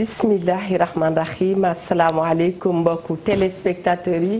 bismillahi rahman rahim asalaamaaleykum mbokku téléspectateurs yi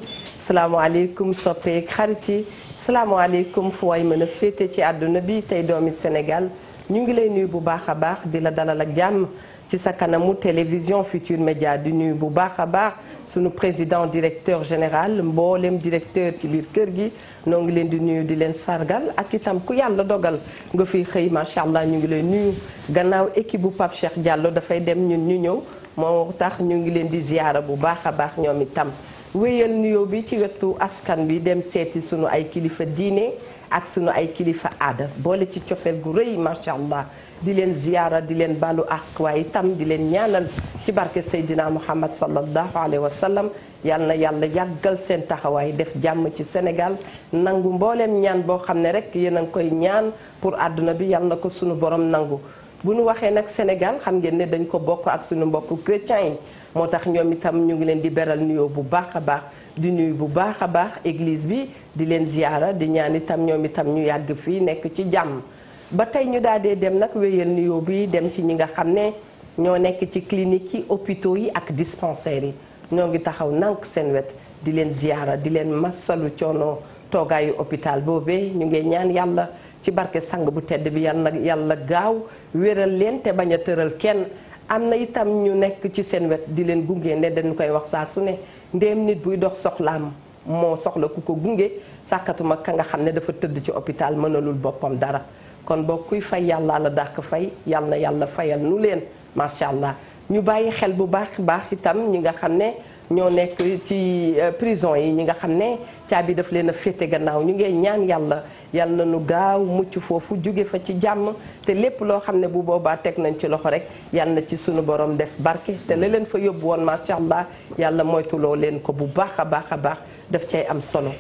salaamaaleykum soppeek xarit yi salaamaaleykum fu way mën a féete ci àdduna bi tey doomi Sénégal ñu ngi lay nuyu bu baax a baax di la dalal ak jàmm ci sa kanamu télévision Futur Média di nuyu bu baax a baax suñu président directeur général mboolem directeur ci biir kër gi noo ngi leen di nuyu di leen sargal ak itam ku yàlla dogal nga fiy xëy macha allah ñu ngi leen nuyu gannaaw équipe bu Pape Cheikh Diallo dafay dem ñun ñu ñëw moo tax ñu ngi leen di ziyaara bu baax a baax ñoom itam wéyal nuyoo bi ci wetu askan bi dem seeti suñu ay kilifa diine. ak suñu ay kilifa aada boole ci cofeel gu rëy macha allah di leen ziyaara di leen baalu ak waaye itam di leen ñaanal ci barke Seydina Muhammad sallallahu alayhi wa sallam yal na yàlla yàggal seen taxawaay def jàmm ci Sénégal nangu mbooleem ñaan boo xam ne rek yéen a ngi koy ñaan pour àdduna bi yal na ko suñu borom nangu. bu nu waxee nag Sénégal xam ngeen ne dañ ko bokk ak suñu mbokk chrétien yi. moo tax ñoom itam ñu ngi leen di beral nuyoo bu baax a baax di nuyu bu baax a baax église bi di leen ziyaara di ñaan itam ñoom itam ñu yàgg fii nekk ci jàmm ba tey ñu daal dee dem nag wéyal nuyoo bi dem ci ñi nga xam ne ñoo nekk ci clinique yi hôpitaux yi ak dispensaires yi ñoo ngi taxaw nànk seen wet di leen ziyaara di leen massalu coono toogaayu hôpital boobee ñu ngi ñaan yàlla ci barke sang bu tedd bi yàlla yàlla gaaw wéral leen te bañ a tëral kenn am na itam ñu nekk ci seen wet di leen gunge ne dañ koy wax saa su ne ndéem nit buy dox soxlaam moo soxla ku ko gunge sàkkatuma ka nga xam ne dafa tëdd ci hôpital mënalul boppam dara kon boo kuy fay yàlla la dàq fay yàlla na yàlla fayal nu leen macha allah ñu bàyyi xel bu baax baax itam ñi nga xam ne ñoo nekk ci euh, prison yi ñi nga xam ne caabi daf leen féete gannaaw ñu ngee ñaan yàlla yàlla na nu gaaw mucc foofu jóge fa ci jàmm te lépp loo xam ne bu boobaa teg nañ ci loxo rek yàlla na ci sunu borom def barke te la leen fa yóbbu woon macha allah yàlla moytuloo leen ko bu baax a baax a baax daf cay am solo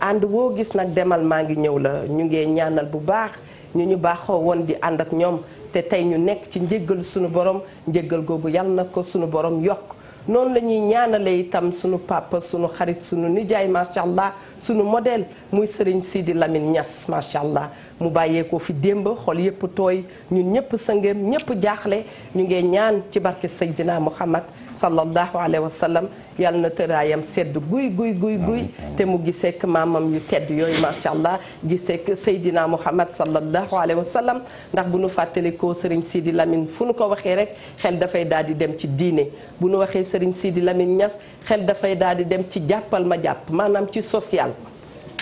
ànd woo gis nag demal maa ngi ñëw la ñu ngee ñaanal bu baax ñu ñu baaxoo woon di ànd ak ñoom te tey ñu nekk ci njëggal sunu borom njëggal googu yàlla na ko sunu borom yokk noonu la ñuy ñaanalee itam sunu papa sunu xarit sunu nijaay macha allah sunu model muy Serigne Sidi Lamine ñas macha allah. mu bàyyeekoo fi démb xol yëpp tooy ñun ñëpp sëngéem ñëpp jaaxle ñu ngee ñaan ci barke Seydina Muhammad sallallahu alayhi wa sallam yàlla na tëraayam sedd guy guy guy guy te mu giseek maamam yu tedd yooyu macha allah giseek Seydina Muhammad sallallahu alayhi wa sallam ndax bu nu fàttalikoo sii di Lamine fu nu ko waxee rek xel dafay daal di dem ci diine bu nu waxee sii di Lamine Niass xel dafay daal di dem ci jàppal ma jàpp maanaam ci social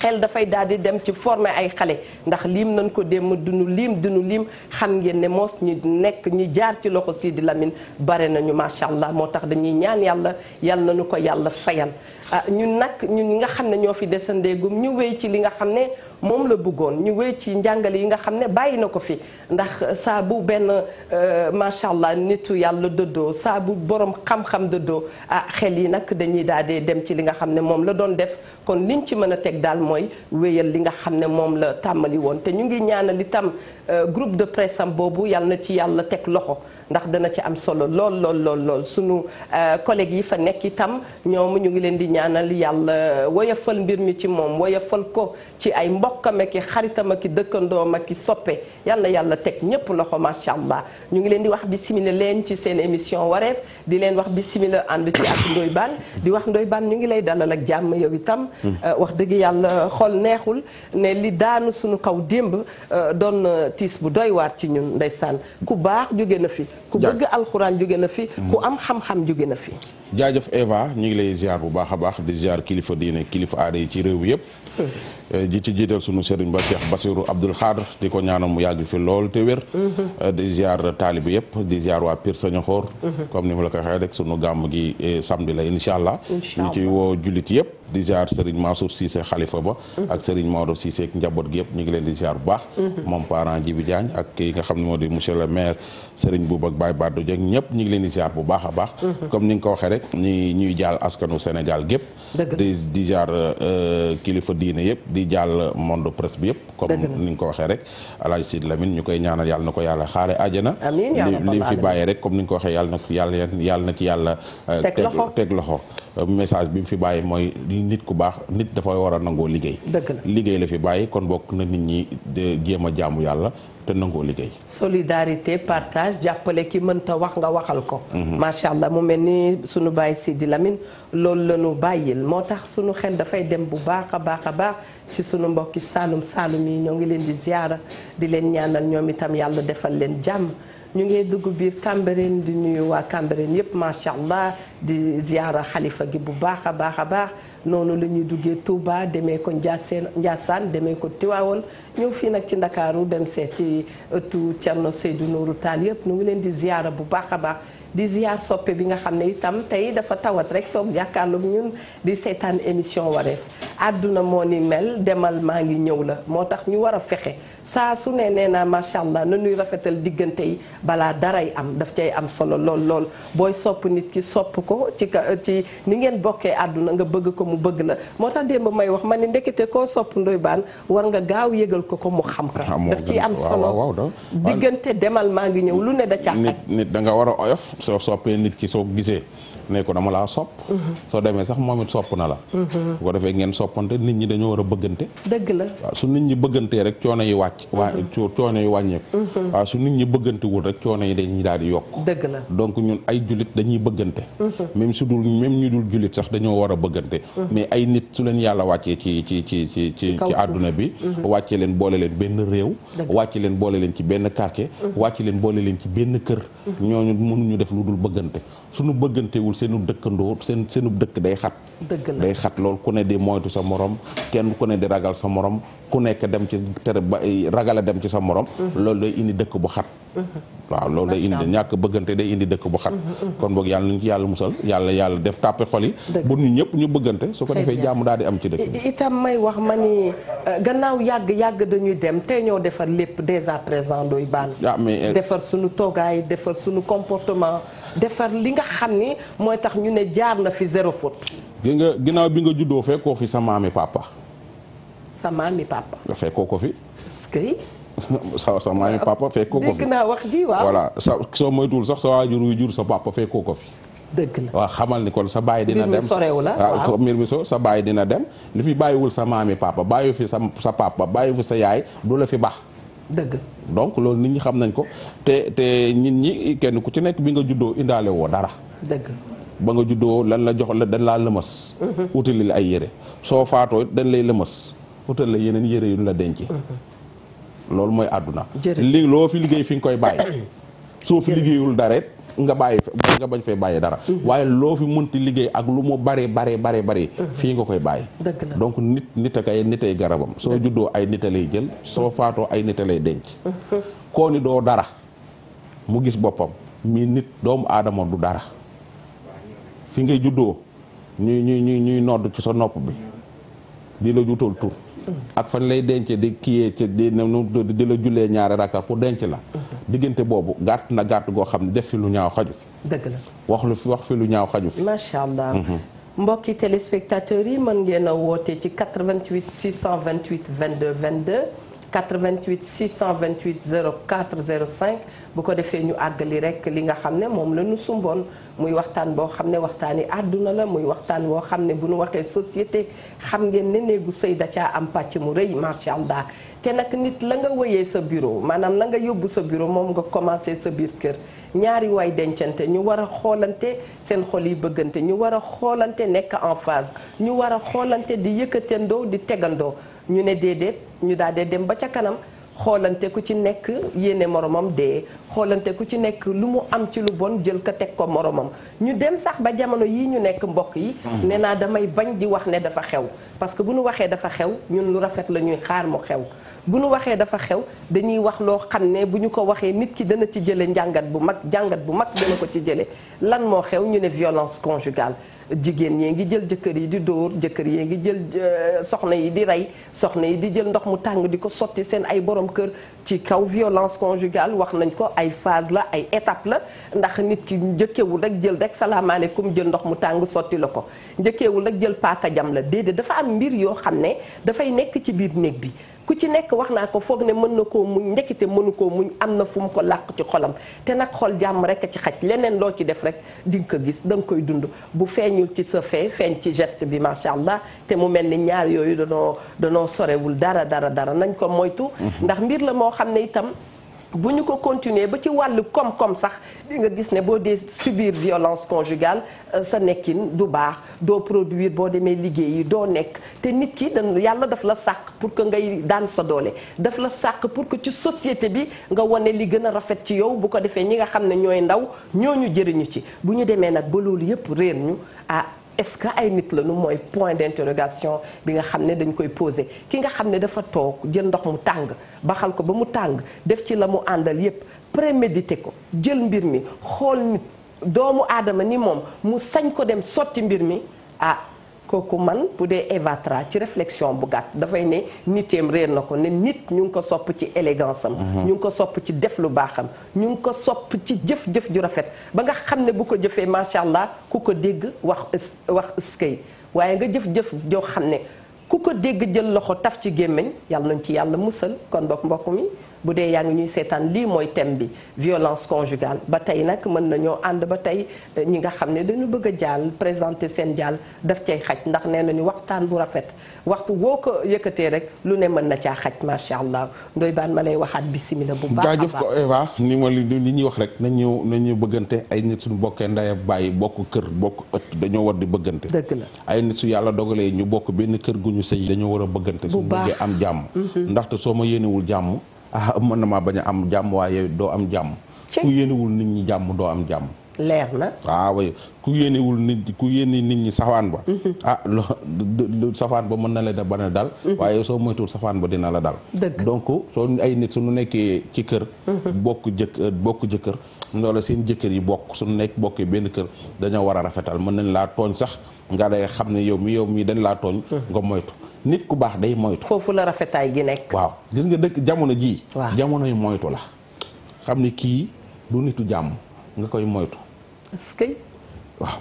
xel dafay daal di dem ci former ay xale ndax liim nañ ko dem dunu liim dunu liim xam ngeen ne moos ñu nekk ñu jaar ci loxo di Lamine bare nañu macha allah moo tax dañuy ñaan yàlla yàlla nañu ko yàlla fayal. Ah, ñun nag ñun ñi nga xam ne ñoo fi desandeegum ñu wéy ci li nga xam ne moom la bëggoon ñu wéy ci njàngale yi nga xam ne bàyyi na ko fi ndax saabu bu benn euh, macha allah nitu yàlla dëddoo saabu bu borom xam-xam dëddoo ah xel yi nag dañuy daal di dem ci li nga xam ne moom la doon def kon liñ ci mën a teg daal mooy wéyal li nga xam ne moom la tàmmali woon te ñu ngi ñaanal itam euh, groupe de presse am boobu yàlla na ci yàlla teg loxo ndax dana ci am solo lool lool lool lool euh, ñaanal yàlla woyafal mbir mi ci moom woyafal ko ci ay mbokkam ak xaritam ak i dëkkandoom ak i soppe yàlla yàlla teg ñépp loxo macha allah ñu ngi leen di wax bisimila leen ci seen émission wareef di leen wax bisimila ànd ci ak Ndoye Bane di wax Ndoye Bane ñu ngi lay dalal ak jàmm yow itam euh, wax dëgg yàlla xol neexul ne li daanu suñu kaw démb euh, doon tiis bu doy waar ci ñun ndeysaan ku baax jóge na fi ku bëgg mm. am xam-xam jóge na fi jaajëf Eva ñu ngi lay ziar bu baax a baax di ziar kilifa diine kilifa aada yi ci réew mi yëpp. ji eh, ci jiital sunu sëriñ ba Cheikh Basirou Abdoul Khadr di ko ñaanal mu yàgg fi lool te wér. Eh, di ziar taalibi yëpp di ziar waa Pire Sañoxoor. comme ni ma la ko waxee rek sunu gàmm gi eh, samedi la incha allah. ñu ci woo yëpp. di ziar Serigne Mansour Cissé xalifa ba ak Serigne Maodo Cissé njaboot yëpp ñu ngi leen di ziar bu baax moom parent Djibi Diagne ak ki nga xam ne moo di monsieur le maire Serigne Boubak Baye Badou Dieng ñëpp ñu ngi leen di ziar bu baax a baax comme ni ko waxee rek ñuy jaal askanu Sénégal gépp di di ziar kilifa diine yëpp di jàll monde presse bi yëpp comme ni nga ko waxee rek Alaaji Sidi Lamine ñu koy ñaanal yàlla na ko yàlla xaare àjjana li fi bàyyi rek comme ni nga ko waxee yàlla na yàlla yàlla na ci yàlla teg eh, loxo eh, message bi fi bàyyi mooy nit ku baax nit dafa war a nangoo liggéey liggéey la fi bàyyi kon bokk na nit ñi jéem a jaamu yàlla te nangoo liggéey. solidarité partage jàppale ki mënta wax nga waxal ko. Mhm. macha allah mu mel ni suñu bàyyi Sidi lamin loolu lañu bàyyil moo tax suñu xel dafay dem bu baax a baax a baax ci sunu mbokki Saalum Saalum yi ñoo ngi leen di ziara di leen ñaanal ñoom itam yàlla defal leen jàmm. ñu ngi dugg biir Cambérène di nuyu waa Cambérène yëpp macha allah di ziara xalifa gi bu baax a baax a baax noonu la ñuy duggee Touba demee ko Ndiassane Ndiassane demee ko Tiwaawoon ñëw fii nag ci Ndakaaru dem seeti ëttu Thierno Seydou Nourou Tall yëpp ñu ngi leen di ziara bu baax a baax. di ziar soppe bi nga xam ne itam tey dafa tawat rek toog jàkkaarloog ñun di seetaan émission wareef àdduna moo ni mel demal maa ngi ñëw la moo tax ñu war a fexe saa su ne nee naa macha allah na ñuy rafetal diggante yi balaa daray am daf cay am solo lool lool booy sopp nit ki sopp ko ci ci ni ngeen bokkee àdduna nga bëgg ko mu bëgg la moo tax démb may wax ma ne ndekete koo sopp ndoy war nga gaaw yëgal ko ko mu xam ka daf ciy am solo diggante demal maa ngi ñëw lu ne da caaxaan nit da nga war a soo soppee nit ki soo gisee ne ko dama laa sopp soo demee sax moom it sopp na la su ko defee ngeen soppante nit ñi dañoo war a bëggante dëgg la waaw su nit ñi bëggantee rek coono yi wàcc waa coono yi wàññeeku waaw su nit ñi bëggantewul rek coono yi dañuy daal di yokk dëgg la donc ñun ay julit dañuy bëggante même su dul même ñu dul julit sax dañoo war a bëggante mais ay nit su leen yàlla wàccee ci ci ci ci ci ci àdduna bi mhm. wàccee leen boole leen benn réew wàcce leen boole leen ci benn quartier mhm. wàcce leen boole leen ci benn kër mhm. ñooñu mënuñu def lu bëggante suñu bëggantewul seenu dëkkandoo seen seenu dëkk day xat day xat lool ku ne di moytu sa morom kenn ku ne di ragal sa morom ku nekk dem ci tere a eh, dem ci sa morom mm-hmm. loolu day indi dëkk bu xat mm-hmm. waaw loolu day indi ñàkk bëggante day indi dëkk bu xat mm-hmm, kon boog yàlla nañ ci yàlla musal yàlla yàlla def tàppe xol yi bu ñu ñëpp ñu bëggante su ko defee jàmm daal di am ci dëkk itam may wax ma ni euh, gannaaw yàgg yàgg dañuy dem te ñoo defar lépp dès à présent doy baan ah, euh, defar suñu toogaay defar suñu comportement defar li nga xam ni mooy tax ñu ne jaar na fi zéro faute. gis nga ginnaaw bi nga juddoo fekkoo fi sa maami papa. sa maami papa. fekkoo ko fi. est-ce que. sa sa maami wax ji waaw. voilà sa soo moytuwul sax sa waajur wi jur sa papa fekkoo ko fi. dëgg la waaw xamal ni kon sa baay dina dem sorewu la waaw mbir mi sa baay dina dem li fi bàyyiwul sa maami papa bàyyi fi sa sa papa bàyyi sa yaay du la fi baax. dëgg. donc loolu nit ñi xam nañ ko te te nit ñi kenn ku ci nekk bi nga juddoo indaale woo dara. dëgg ba nga juddoo lan la jox la dañ laa lëmas. Mm-hmm. utali la ay yére soo faatoo it lay lëmas utal la yeneen yére yu la denc. Mm-hmm. loolu mooy àdduna. li loo fi liggéey fi nga koy bàyyi. soo fi liggéeyul dara nga bàyyi nga bañ fee bàyyi dara mhm. waaye loo fi mënti liggéey ak lu mu bare bare bare bare mhm. fii nga koy bàyyi donc nit nit ak ay nitay garabam soo juddoo ay nita lay jël soo mhm. faatoo ay nita lay denc koo ni doo dara mu gis boppam mii nit doomu aadama du dara fi ngay juddoo ñuy ñuy ñuy ñuy nodd ci sa nopp bi di la juutal tur ak fan lay denc di kiyee ci di di la jullee ñaari rakka pour denc la mhm. diggante boobu gàtt na gàtt goo xam ne def fi lu ñaaw xaju fi dëgg la wax lu fi wax fi lu ñaaw xaju fi macha allah mhm. mbokki téléspectateurs yi mën ngeen a wootee ci 88 628 vingt 22 88 628 04 05 bu ko defee ñu àggali rek li nga xam ne moom la ñu sumboon muy waxtaan boo xam ne waxtaani àdduna la muy waxtaan boo xam ne bu nu waxee société xam ngeen ne néegu sëy da caa am pàcc mu rëy macha allah te nag nit la nga woyee sa bureau maanaam la nga yóbbu sa bureau moom nga commencé sa biir kër ñaari waay dencante ñu war a xoolante seen xol yi bëggante ñu war a xoolante nekk en phase ñu war a xoolante di yëkkatandoo di tegandoo ñu ne déedéet ñu daal dee dem ba ca kanam xoolante ku ci nekk yéene moromam dee xoolante ku ci nekk lu mu am ci lu bon jël ko teg ko moromam ñu dem sax ba jamono yii ñu nekk mbokk yi. Hmm. nee naa damay bañ di wax ne dafa xew. parce que bu nu waxee dafa xew ñun lu rafet la ñuy xaar mu xew bu nu waxee dafa xew dañuy wax loo xam ne bu ñu ko waxee nit ki dana ci jëlee njàngat bu mag jàngat bu mag dana ko ci jëlee lan moo xew ñu ne violence conjugale. jigéen ñee ngi jël jëkkër yi di dóor jëkkër yee ngi jël euh, soxna yi di rey soxna yi di jël ndox mu tàng di ko sotti seen ay borom kër ci kaw violence conjugale wax nañ ko ay phase la ay étape la ndax nit ki njëkkewul rek jël rek salaamaaleykum jël ndox mu tàng sotti la ko njëkkewul rek jël paaka jam la déedéet dafa am mbir yoo xam ne dafay nekk ci biir néeg bi ku ci nekk wax naa ko foog ne mën na koo muñ ndekkite mënu koo muñ am na fu mu ko làq ci xolam te nag xol jàmm rek a ci xaj leneen loo ci def rek di nga ko gis danga koy dund bu feeñul ci sa fee feeñ ci geste bi macha allah te mu mel ni ñaar yooyu danoo danoo sorewul dara dara dara nañ ko moytu mm-hmm. ndax mbir la moo xam ne itam bu ñu ko continuer ba ci wàllu koom-koom sax di nga gis ne boo dee subir violence conjugale euh, sa nekkin du baax doo produir boo demee liggéeyi doo nekk te nit ki dañ yàlla daf la sàq pour que ngay daan sa doole daf la sàq pour que ci société bi nga wane li gën a rafet ci yow bu ko defee ñi nga xam ne ñooy ndaw ñoo ñu jëriñu ci bu ñu demee nag ba loolu yëpp réer ñu ah est-ce que ay nit la nu mooy point d'interrogation bi nga xam ne dañ koy posé ki nga xam ne dafa toog jël ndox mu tàng baxal ko ba mu tàng def ci la mu àndal yépp prémédité ko jël mbir mi xool nit doomu aadama ni moom mu sañ ko dem sotti mbir mi ah kooku man bu dee Evatra ci reflexion bu gàtt dafay ne niteem réer na ko ne nit ñu ngi ko sopp ci élégance am mhm. ñu ngi ko sopp ci def lu baaxam ñu ngi ko sopp ci jëf-jëf ju rafet ba nga xam ne bu ko jëfee macha allah ku ko dégg wax wax ëskay waaye nga jëf-jëf joo xam ne ku ko dégg jël loxo taf ci gémmiñ yàlla nañ ci yàlla musal kon mbokk mbokk mi bu dee yaa ngi ñuy seetaan lii mooy thème bi violence conjugale ba tey nag mën na ñoo ànd ba tey eh, ñi nga xam ne dañu bëgg a jàll présenter seen jàll daf cay xaj ndax nee nañu waxtaan bu rafet waxtu boo ko yëkkatee rek lu ne mën na caa xaj macha allah ndoy baan ma lay waxaat bisimila bu baax jaajëf ko Eva ni ma li ñuy wax rek nañu nañu bëggante ay nit suñu bokkee ndey ak bàyyi bokk kër bokk ëtt sëy dañu war a bëggante suñu bëggee am jàmm mm-hmm. ndaxte soo ma yéenewul jàmm ah, mën na maa bañ am jàmm waaye doo am jàmm ku yéenewul nit ñi jàmm doo am jàmm leer na ah, waaw ku yéenewul nit ku yéene nit ñi safaan ba mm-hmm. ah lu safaan ba mën na la da bana dal mm-hmm. waaye soo moytuwul safaan ba dina la dal donc soo ay nit suñu nekkee ci kër bokk jëkk bokk jëkkër loola seen jëkkër yi bokk suñu nekk bokkee benn kër dañoo war a rafetal mën nañ laa tooñ sax nga day xam ne yow mi yow mii dañ laa tooñ hmm. nga moytu nit ku baax day moytu foofu la rafetaay gi nekk waaw gis nga dëkk jamono jii jamono yu moytu la xam ne kii du nitu jàmm nga koy moytu waaw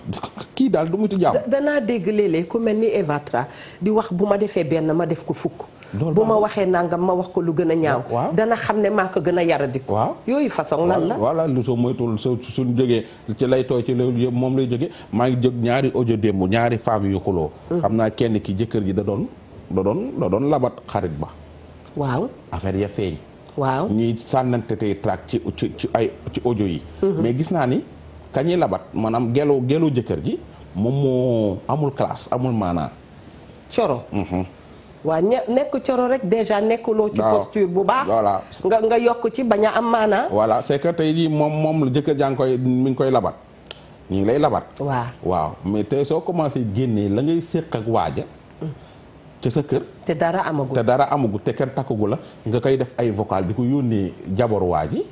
kii daal du nitu jàmm danaa dégg léeg-léeg ku mel ni Evatra di wax bu ma defee benn ma def ko fukk bu ma waxee nangam ma wax ko lu gën a ñaaw dana xam ne maa ko gën a yaradiku waaw yooyu façon lan la voilà lu soo moytul su suñ jógee ci lay tooy ci loolu yëpp moom lay jógee maa ngi jóg ñaari audio démb ñaari femmes yu xuloo hmm. xam naa kenn ki jëkkër ji da doon da doon da doon labat xarit ba waaw affaire ya feeñ ñi ñuy sànnante tey track ci ay ci audio yi hmm. mais gis naa ni kañuy labat maanaam gelo gelo jëkkër ji moom moo amul classe amul maanaa coro mm-hmm. waaw ne nekk coro rek déjà nekkuloo ci posture bu baax voilà nga nga yokk ci bañ a am maanaa voilà c'est que tey jii moom moom jëkkër jaa ngi mi ngi koy labat ñu ngi lay labat waaw waaw mais soo commencé génnee la ngay séq ak sa kër te dara amagu te dara amagu te kenn takkagu nga koy def ay vocal di ko yónnee jabar waa ji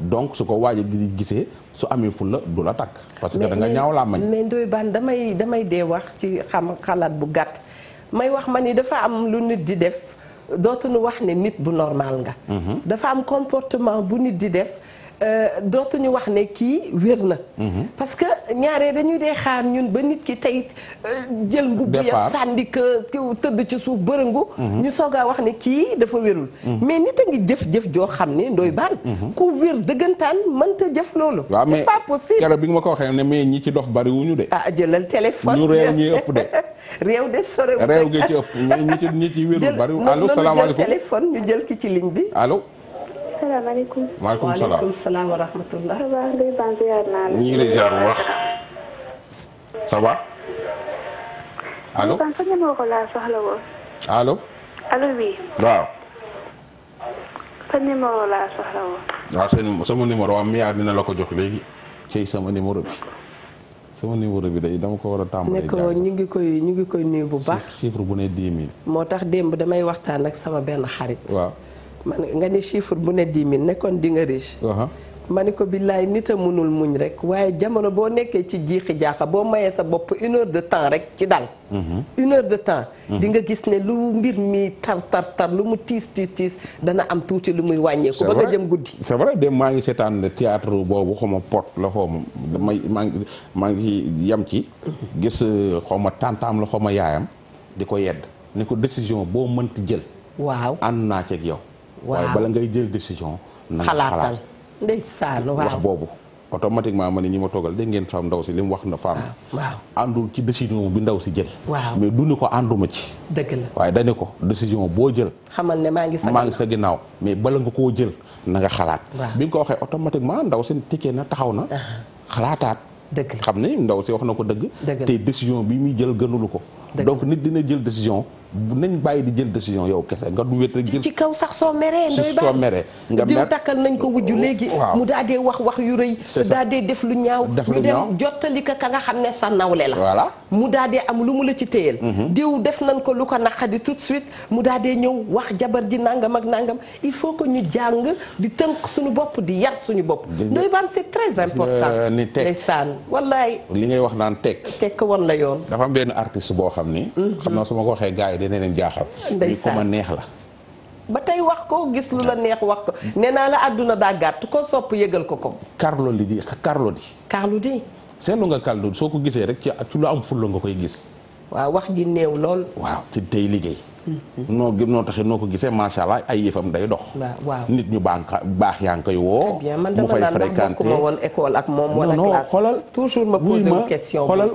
donc su ko waaji di gisee su amee ful la du la takk parce que da ñaaw laa mañ mais Ndoye Bane damay damay dee wax ci xam xalaat bu gàtt may wax ma ni dafa am lu nit di def dootuñu wax ne nit bu normal nga. Mm-hmm. dafa am comportement bu nit di def. Euh, dootuñu wax ne kii wér na. Mhm. parce que ñaare dañuy dee xaar ñun ba nit ki tey euh, jël mbubb ya sànni ko tëdd ci suuf bërëngu. Mhm. ñu soog a wax ne kii dafa wérul. Mhm. mais nit a ngi jëf jëf joo xam ne ndoy baan. ku wér dëggantaan mënta jëf loolu. c'est pas possible keroog bi nga ma ko waxee ne mais ñi ci dox bari wuñu de. ah jëlal téléphone ñu réew ñi ëpp de. réew de sore réew gi ci ëpp ñi ci ñi ci wérul bari. allo salaamaaleykum jël ñu jël ki ci ligne bi allo. salaamaaleykum. maaleykum salaam salaam wa rahmatulah. ñu ngi lay ziar wax baax. ça va. allo Ban fan waaw. sa numéro laa soxla woon. waaw seen am miyaar dina la ko jox léegi ci sama numéro bi. sama numéro bi day dama ko war a tàmbalee ñu ngi koy ñu ngi koy nuyu bu baax. chiffre bu ne 10 moo tax démb damay waxtaan ak sama benn xarit. waaw. man nga ni chiffre bu ne dix mille nekkoon dinga nga riche. Uh-huh. ma ko billaay nit a mënul muñ rek waaye jamono boo nekkee ci jiixi jaaxa boo mayee sa bopp une heure de temps rek ci dal. Mm-hmm. une heure de temps. Mm-hmm. di nga gis ne lu mbir mi tar tar tar lu mu tiis tiis tiis dana am tuuti lu muy wàññeeku. ba nga jëm guddi. c'est vrai de maa ngi seetaan théâtre boobu xaw ma pot la xaw ma maa ngi yam ci. Mm-hmm. gis euh, xaw ma tàntaam la xaw ma yaayam. di ko yedd ni ko décision boo mënt jël. waaw ànd naa ci yow. waaye bala ngay jël décision. na nga xalaatal ndeysaan waaw wax boobu. automatiquement ma ne ñi ma toogal dégg ngeen femme ndaw si li wax na femme. Ah, waaw ci décision bi ndaw si jël. waaw mais du ni ko ànduma ci. dëgg la waaye dañu ko décision boo jël. xamal ne maa ngi sa maa sa ginnaaw mais bala nga koo jël na nga xalaat. bi nga ko waxee automatiquement ndaw si tikkee na taxaw na. Ah. xalaataat. dëgg xam ne ndaw si wax na ko dëgg. te décision bi muy jël gënulu ko. donc nit dina jël décision. nañ bàyyi di jël décision yow kese nga du wét rek. ci kaw sax soo meree. ndoy baax soo meree mu daal dee wax wax yu rëy. daal lu ñaaw. def lu ñaaw ñu dem xam ne sa nawle la. voilà mu daal am lu mu la ci téyel. Mhm. diw nañ ko lu ko naqadi tout de suite mu daal dee ñëw wax jabar ji nangam ak nangam il faut que ñu jàng di tënk suñu bopp di yar suñu bopp. ndoy baan c'est très important. ni teg ndeysaan wallaay. li ngay wax naan teg. teg ko woon la yoon. dafa am benn artiste boo xam ni. Mhm. xam naa su ma ko waxee gars dina leen jaaxal. ndeysaan ku ma neex la. ba tey wax ko gis lu la neex wax ko nee naa la àdduna daa gàtt ko sopp yëgal ko ko. Carlo li di Carlo di. Carlo di. seetlu nga Carlo soo ko gisee rek ci lu am fulla nga koy gis. waa wax ji néew lool. waaw te tey liggéey. Mm-hmm. noo gëm noo taxit noo ko gisee macha allah ay yëfam day dox. waaw nit ñu baax baax yaa ngi koy woo. mu fay fréquenté man dama woon école ak moom wala classe xoolal toujours ma posé question xoolal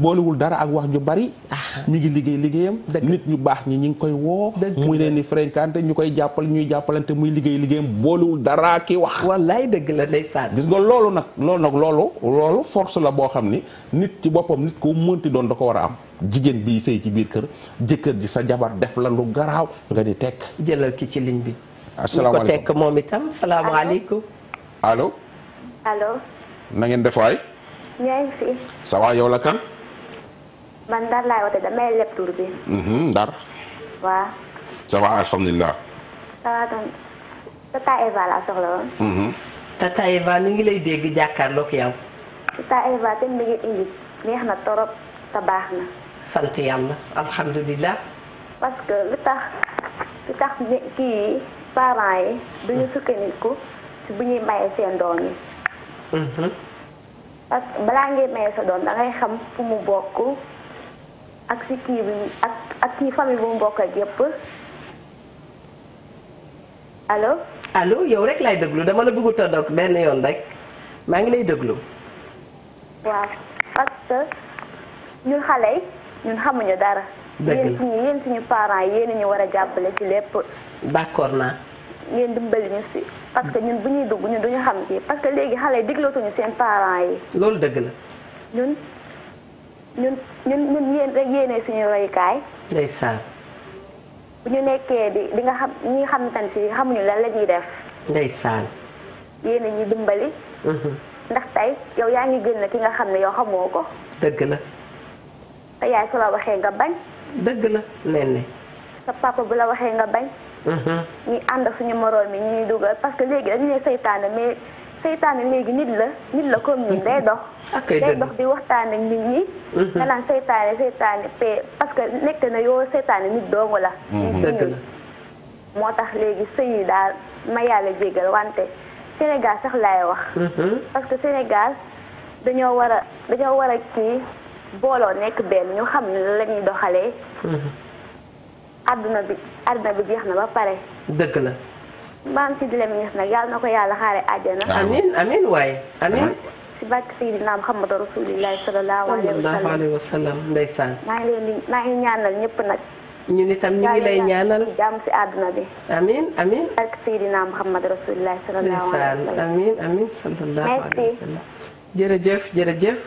bariwul dara ak wax ju bari. Ah. mi ngi liggéey liggéeyam. nit ñu baax ñi ñu ngi koy woo. muy leen di fréquenté ñu koy jàppal ñuy jàppalante muy liggéey liggéeyam boolewul dara ki wax. wallaay dëgg la ndeysaan. gis nga loolu nag loolu nag loolu loolu force la boo xam ni nit ci boppam nit ku mënti doon da ko war a am jigéen bi sëy ci biir kër jëkkër ji sa jabar def la lu garaaw nga di tekk jëlal ki ci ligne bi asalaamaaleykum ko tekk moom itam salaamaaleykum allo allo na ngeen def waay ñoo ngi fi ça yow la kan man Ndar laay wote damay leb bi mhm, Ndar waaw ça va alhamdulilah ça va Eva laa soxla woon mhm. Tata Eva nu ngi lay dégg jàkkaarloog yow Tata Eva te mi ngi indi neex na torop te na sant yàmb alhamdulilah. parce que lu tax lu tax kii parents yi. du ñu sukkandiku si bu ñuy maye seen doom yi. Mhm. parce que balaa ngay maye sa doom da xam fu mu bokk ak si kii bi ak ak kii bu mu bokk ak yëpp allo. yow rek lay déglu dama la bëggu a dog benn yoon rek maa ngi lay déglu. waaw parce que ñu xale. ñun xamuñu dara. dëgg la ñu parent yi suñu ñu war a jàppale ci lépp. d'accord naa. ngeen dimbali ñu si parce que ñun bu ñuy dugg ñun duñu xam ci parce que léegi xale yi diglootuñu seen parents yi. loolu dëgg la. ñun ñun ñun ñun yéen rek yéenee suñu royukaay. ndeysaan. bu ñu nekkee bi di nga xam ñi xam tan si xamuñu lan la ñuy def. ndeysaan. yéen a ñuy dimbali. Mhm. ndax tey yow yaa ngi gën na ki nga xam ne yow xamoo ko. dëgg la. sa yaay su la waxee nga bañ. dëgg na nen ne. sa papa bu la waxee nga bañ. Mhm. ñuy ànd suñu moroom yi ñuy dugal parce que léegi dañu ne seytaane mais seytaane léegi nit la nit la comme day dox. day dox di waxtaan ak nit ñi. Mhm. nga naan seytaane seytaane pe parce que nekk na yoo seytaane nit doomu la. Mhm. dëgg la moo tax léegi sëy yi daal ma yàlla jégal wante Sénégal sax lay wax. parce que Sénégal dañoo war dañoo war a booloo nekk benn ñu xam ne lañuy ñuy doxalee. Mhm. adduna bi adduna bi jeex na ba pare. dëgg na maam si di la ministre nag yàlla na ko yàlla xaare àjjana. amiin amiin waaye amiin. ci barke Seydina Muhammad rasulillahi sallallahu alayhi wa sallam ndeysaan. maa ngi leen maa ngi ñaanal ñëpp nag. ñu ni tam ñu ngi lay ñaanal jàmm ci àdduna bi. amiin amiin. barke Seydina Muhammad rasulillahi sallallahu alayhi wa sallam. ndeysaan jërëjëf jërëjëf.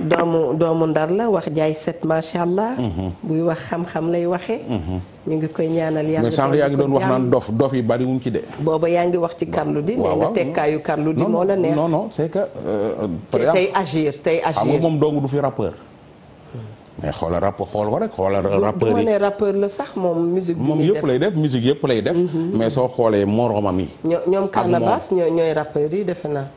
doomu doomu ndar la wax jaay set macha allah. Mhm. buy wax xam-xam lay waxee. Mhm. ñu ngi koy ñaanal yàlla. mais yaa ngi doon wax naan dof yi bari wuñ ci de. booba yaa ngi wax ci karlu di. waaw nee nga tekkaayu karlu di moo la neex. non non c'est que. Euh, tey agir tey agir xam nga moom dong du fi rappeur. mais xoola rap xool ko rek xoola rappeur yi la sax moom musique moom yëpp lay def musique yëpp lay def. Mhm. mais soo xoolee moromam yi. ñoom ñoom ñooy rappeur yi defe naa.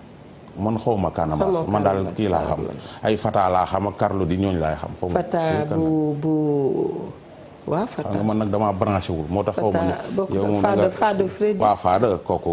man xaw ma Casamance man daal kii xam ay Fata xam a Carlo di ñooñu laay xam. xaw waaw Fata man nag damaa branché wul moo tax. xaw ma ne yow moom Fada Fada Freddy waaw Fada kooku.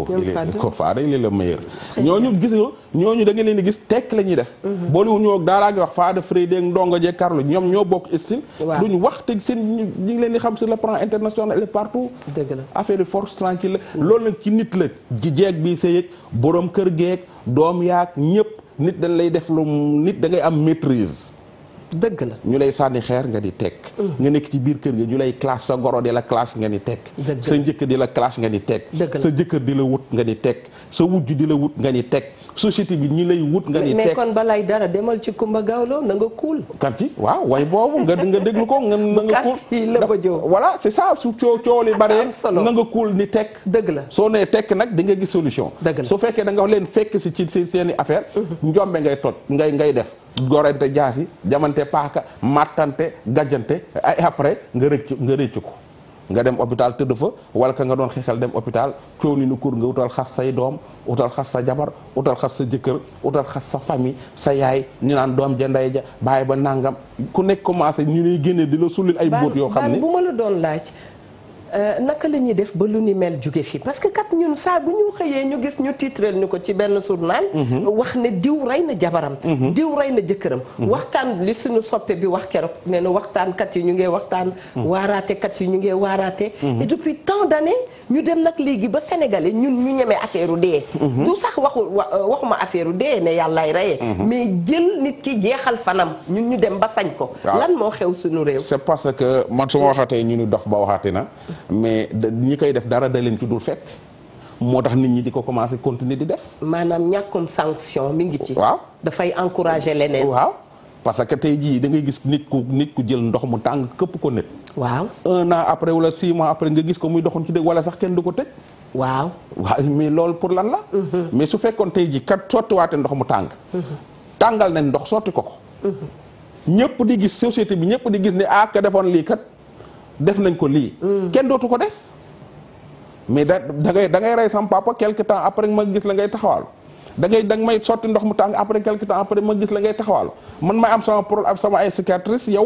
ko Fada il gis nga ñooñu da nga leen di gis la ñuy def. Mhm. boolewul ñoo daaraa ngi wax Fada Freddy ak Ndongo Dieng Carlo ñoom ñoo bokk style. duñ wax te seen ñu ngi leen di xam sur le plan international et partout. dëgg la affaire de force tranquille la. Mhm. loolu nag ci nit la ji jeeg bi sëyeeg boroom kër geeg doom yaag ñëpp nit dañ lay def lu nit da ngay am maîtrise. dëgg la ñu lay sànni xeer nga di tekk mm. nga nekk ci biir kër gi ñu lay classe sa goro di la classe nga ni tekk sa njëkkër di la classe nga ni tekk jëkkër di la wut nga ni tekk sa wujj di la wut nga ni tekk société bi ñi lay wut nga ni tekk mais kon balay dara demal ci Kumba Gawlo na nga kuul karti waaw way boobu nga nga déglu ko nga na nga kuul voilà c'est ça su coo coo li bare na nga kuul ni tekk dëgg la soo nee tekk nag di nga gis solution su fekkee da nga leen fekk si ci seeni affaire mm-hmm. njombe ngay tot ngay ngay def gorante jaasi jamante sànnante paaka màttante gàjjante ay après nga rëcc nga rëcc ko nga dem hôpital tëdd fa wala ka nga doon xel dem hôpital coow li nu kur nga utal xas say doom utal xas sa jabar utal xas sa jëkkër utal xas sa famille sa yaay ñu naan doom ja ndey ja bàyyi ba nangam ku nekk commencé ñu lay génne di la sullil ay mbóot yoo xam ne bu ma la doon laaj Euh, naka la ñuy def ba lu ni mel jóge fi parce que kat ñun saabu ñu xëyee ñu gis ñu titrel ñu ko ci benn journal mhm. wax ne diw rey na jabaram mhm. diw rey na jëkkëram mhm. waxtaan li suñu soppee bi wax keroog nee na waxtaankat yi ñu ngee waxtaan waaraatekat yi ñu ngee waaraate et depuis tant ñu dem nag léegi ba sénégalais ñun ñu ñeme affaire u dee du sax euh, waxuma affaire u dee ne yàllaay reyee mais jël nit ki jeexal fanam ñun ñu dem ba sañ ko lan moo xew suñu réew c'est parce que man su ma waxatee ñu nu dof ba waxaate na mais ñi koy def dara da leen ci dul fekk moo tax nit ñi di ko commencé continuer di def. maanaam ñàkkum sanction mi ngi ci. waaw dafay encourager leneen. waaw parce que tey jii da ngay gis nit ku nit ku jël ndox mu tàng këpp ko nit. waaw un an après wala six mois après nga gis ko muy doxoon ci dëgg wala sax kenn du ko tëj. waaw waaw mais loolu pour lan la. Mm-hmm. mais su fekkoon tey jii kat sottiwaate ndox mu tàng. Mm-hmm. tàngal nañ ndox sotti ko ko. Mm-hmm. ñëpp di gis société bi ñëpp di gis ne ah defoon lii kat. def nañ ko lii. Mm. kenn dootu ko des mais da da ngay da ngay rey sama papa quelque temps après ma gis la ngay taxawal da ngay da nga may sotti ndox mu tàng après quelque temps après ma gis la ngay taxawal man may am sama pro sama ay cicatrices yow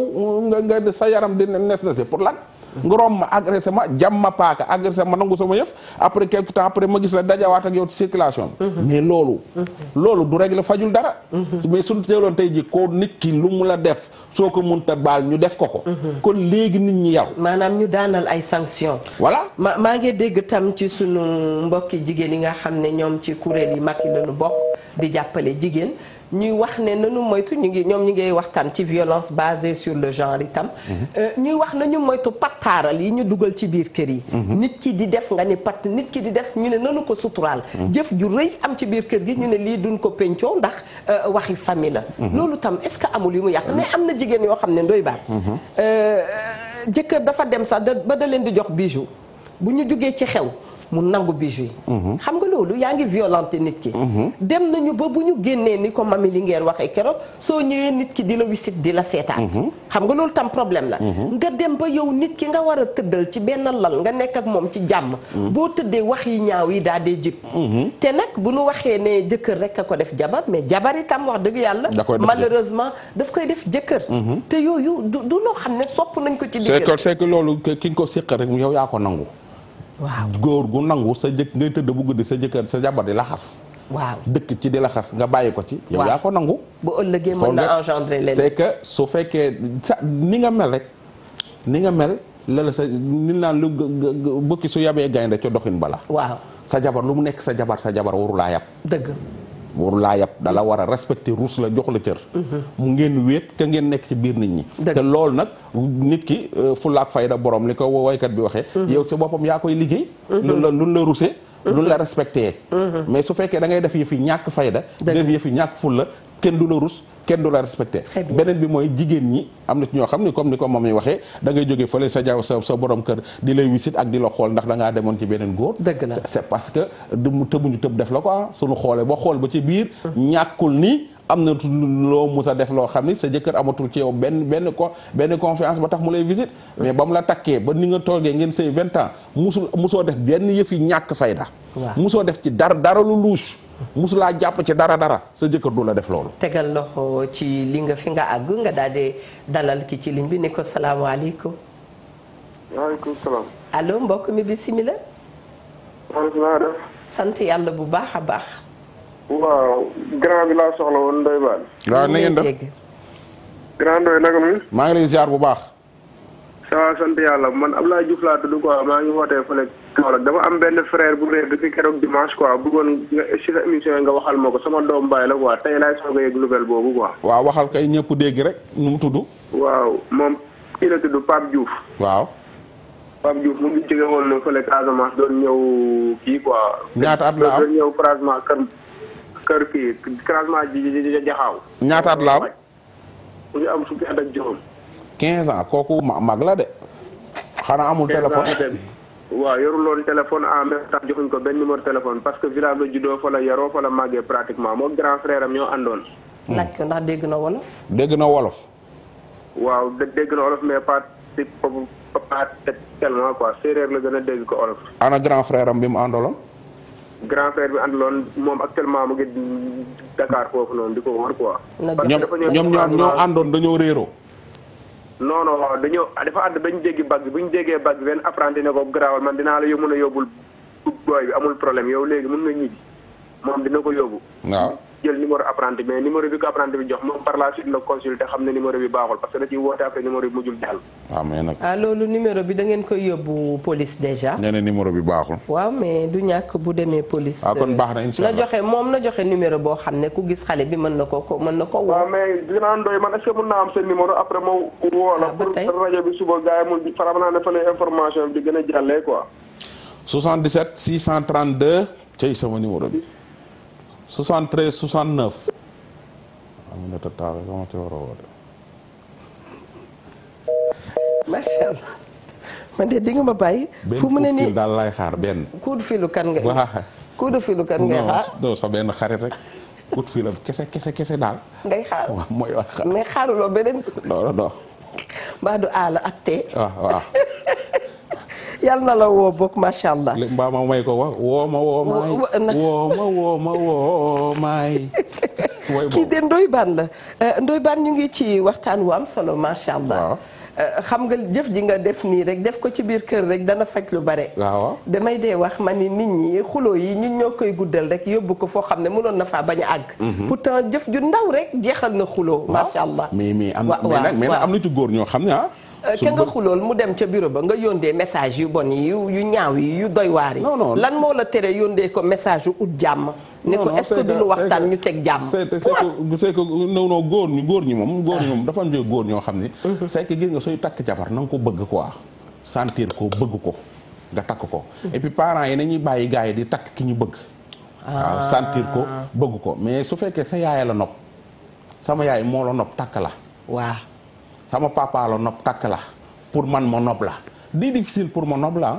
nga nga sa yaram di nes na si pour lan. nga romb ma agressé ma jam ma paaka agressé ma nangu sama yëf après quelque temps après ma gis la dajawaat ak yow ci circulation bi mhm. mais loolu mhm. loolu du régler fajul dara mhm. mais suñu tey ji ko nit ki lu mu la def soo ko munta baal ñu def ko ko kon léegi nit ñi yaw maanaam ñu daanal ay sanctions voilà ma maa ngi dégg tam ci suñu mbokki jigéen yi nga xam ne ñoom ci kuréel yi mag yi lañu bokk di jàppale jigéen ñuy wax ne nanu moytu ñu ngi ñoom ñu ngi waxtaan ci violence basée sur le genre tam mhm. euh, ñuy wax nañu moytu pattaaral yi ñu dugal ci biir kër yi. Mhm. nit ki di def nga ne patt nit ki di def ñu ne nanu ko suturaal. Mhm. jëf ju rëy am ci biir kër gi ñu ne lii duñ ko pencoo ndax euh, waxi famille la. loolu tam est-ce que amul yu mu yàq ne am na jigéen yoo xam ne ndoy baat. Euh, jëkkër dafa dem sax ba da leen di jox bijou bu ñu jugee ci xew. mu nangu bijou yi mhm. xam nga loolu yaa ngi violenté nit ki mhm. dem nañu ba bu ñu génnee ni ko mami li ngeen waxee keroog soo ñëwee nit ki di la wisit di la seetaat mhm. xam nga loolu tam problème la nga dem ba yow nit ki nga war a tëddal ci benn lal nga nekk ak moom ci jàmm boo tëddee wax yi ñaaw yi daal dee jib te nag bu nu waxee ne jëkkër rek a ko def jabar mais jabar itam wax dëgg yàlla malheureusement daf koy def jëkkër te yooyu du loo xam ne sopp nañ ko ci liggéey c'est loolu ki nga ko séq rek yow yaa ko nangu waaw góor gu nangu sa jëkk ngay tëdd bu guddi sa jëkkër sa jabar di la xas. waaw dëkk ci di laxas nga bàyyi ko ci. yow yaa ko nangu. bu ëllëgee mën na engendrer leen c'est que fekkee sa ni nga mel rek ni nga mel la sa ni naan lu bukki su yabee gaynde ca doxin bala waaw sa jabar lu mu nekk sa jabar sa jabar waru laa yab. dëgg. waru laa yab dala war a respecté ruus la jox la cër mu ngeen wéet ka ngeen nekk ci biir nit ñi te loolu nag nit ki euh, fulla ak fayda boroom li ko woykat bi waxee mhm. yow ci boppam yaa koy liggéey mhm. lu la lu la rusee mhm. lu la respecté mais su fekkee da ngay def yëfi ñàkk fayda def yëfi ñàkk fulla kenn du la rus kenn du la respecté beneen bi mooy jigéen ñi am na ci ñoo xam ne comme ni ko moom mi waxee da ngay jóge fële sa jaaw sa sa borom kër di lay wisit ak di la xool ndax da ngaa demoon ci beneen góor dëgg la c'est parce que mu tëbuñu tëb def la ko ah suñu xoolee ba xool ba ci biir ñàkkul nii am na loo mus a def loo xam ni sa jëkkër amatul ci yow benn benn ko benn confiance ba tax mu lay visite mais ba mu la takkee ba ni nga toogee ngeen say vingt ans musul musoo def benn yëf yi ñàkk fayda musoo def ci dara dara lu louche musulaa jàpp ci dara dara sa jëkkër du la def loolu. tegal loxo ci li nga fi nga àgg nga daal di dalal ki ci ligne bi ne ko salaamaaleykum. waaleykum salaam. mbokk mi bisimilah. maaleykum sant yàlla bu baax a baax. waaw grand bi laa soxla woon Ndoye Bane. waaw na ngeen grand Ndoye naka mi. maa ngi lay ziar bu baax. ça va yàlla man Abdoulaye Diouf laa tudd quoi maa ngi wootee fële Kaolack dama am benn frère bu réer depuis keroog dimanche quoi bëggoon nga si sa émission nga waxal ma ko sama doom baay la quoi tey laay soog a yëg nouvelle boobu quoi. waaw waxal kay ñëpp dégg rek nu mu tudd. waaw moom kii la tudd Pape Diouf. waaw. Pape Diouf mu ngi jóge woon fële Casamance doon ñëw kii quoi. ñaata at la am doon ñëw croisement kër kër kii croisement ji jaxaaw. ñaata at la am. mu ngi am fukki at 15 ans kooku ma mag la de. xanaa amul téléphone waaw yoruloon téléphone en même ko benn numéro téléphone parce que village la juddoo fa la yaroo fa la màggee pratiquement moom grand frère am ñoo àndoon. Hmm. laaj ko ndax dégg na wolof. dégg na wolof. waaw dégg na wolof mais pas si pas tellement quoi séeréer la gën a dégg ko wolof. ana grand frère am bi mu àndaloon. grand frère bi àndaloon moom actuellement mu ngi Dakar foofu noonu di ko wër quoi. ñoom ñoom ñoo àndoon dañoo réeroo. non non waaw dañoo dafa ànd bañ jéggi bag bi bu ñu jéggee bag bi benn apprenti ne ko garaawal man dinaa la mën a yóbbul booy bi amul problème yow léegi mën nga ñibbi moom dina ko yóbbu jël numéro apprenti mais numéro bi ko apprenti bi jox moom par la suite la xam ne numéro bi baaxul parce que da ciy woote après numéro bi mujjul jàll. waaw ah, mais ah, ngeen koy yóbbu police déjà. nee na numéro bi baaxul. waaw mais du ñàkk bu demee police. waaw ah, kon euh, baax na incha allah na joxe moom na joxe numéro boo xam ne ku gis xale bi mën na ko ko mën na ko woo. waaw mais dinaa doy man est-ce naa am sa numéro après ma woo la. pour rajo bi suba gars yi mu faram naa ne fa lay information bi di gën a jàllee sama numéro bi. 73 69. Aminata Tall dama a woote. macha allah man de di nga ma bàyyi. fu mu ne nii daal laay xaar benn. coup de kan ngay xaar coup kan ngay xaar. non sa benn xarit rek. coup de am kese kese kese daal. ngay xaar mooy wax. mais xaaruloo beneen. non non non. mbaa du aala ak tee. yal na la woo bokk macha allah. mbaa ma may ko wax woo ma woo maay woo ma woo ma woo maay. kii de Ndoye Bane la euh, Ndoye Bane ñu ngi ci waxtaan wu am solo macha allah. Euh, xam nga jëf ji nga def nii rek def ko ci biir kër rek dana faj lu bare. waaw damay dee wax ma ni nit ñi xuloo yi ñun ñoo koy guddal rek yóbbu ko foo xam ne mënoon na faa bañ a àgg. Mhm. pourtant jëf ju ndaw rek jeexal na xuloo. macha allah mais mais am na mais nag am na ci góor ñoo xam ne ah. ka nga xulool mu dem ca bureau ba nga yóndee message yu bon yi yu ñaaw yi yu doy waar yi lan moo la tere yóndee ko message yu ut jàmm ne ko est-ce que duñu waxtaan ñu teg jàmm c'est que góor ñi góor ñi moom góor ñi moom dafa góor ñoo xam ne mhm. c'est que gis nga sooy takk jabar na nga ko bëgg quoi sentir ko bëgg ko nga takk ko mhm. et yi nañuy bàyyi gars yi di takk ki ñu bëgg waaw ah. sentir ko bëgg ko mais su fekkee sa yaay la nopp sama yaay moo la nopp takk la sama papa nopp takk la pour man ma nopp la di difficile pour ma nopp la ah.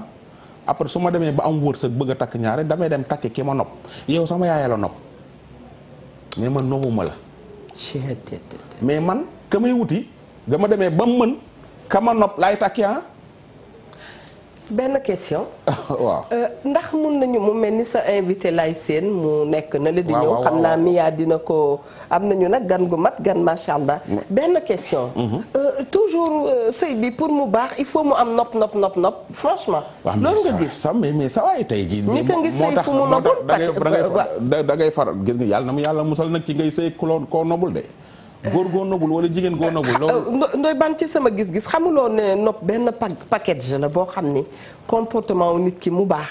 après su ma demee ba am wërsëg bëgg a takk ñaare damay dem takki ki ma nopp yow sama yaay la nopp mais man noppuma la. mais man ka may wuti dama demee ba mu mën ka ma nopp laay takki ah. benn question. waaw euh, ndax mun nañu mu mel ni sa invité lay seen mu nekk na la di ñëw xam naa miyaa dina ko am nañu nag gan gu mat gan macha allah. benn question. Mhm. Euh, toujours euh, sëy bi pour mu baax il faut mu am nopp nopp nopp nopp franchement. loolu nga gis waaw mais sa waay tey jii. moo tax moo tax da ngay da ngay faral gis nga yàlla mu yàlla musal nag ci ngay sëy koo nobul de. góor goo nobul wala jigéen goo nobul. loolu euh, ndoy ban ci sama gis-gis xamuloo ne nopp benn package la boo xam ni comportement wu nit ki mu baax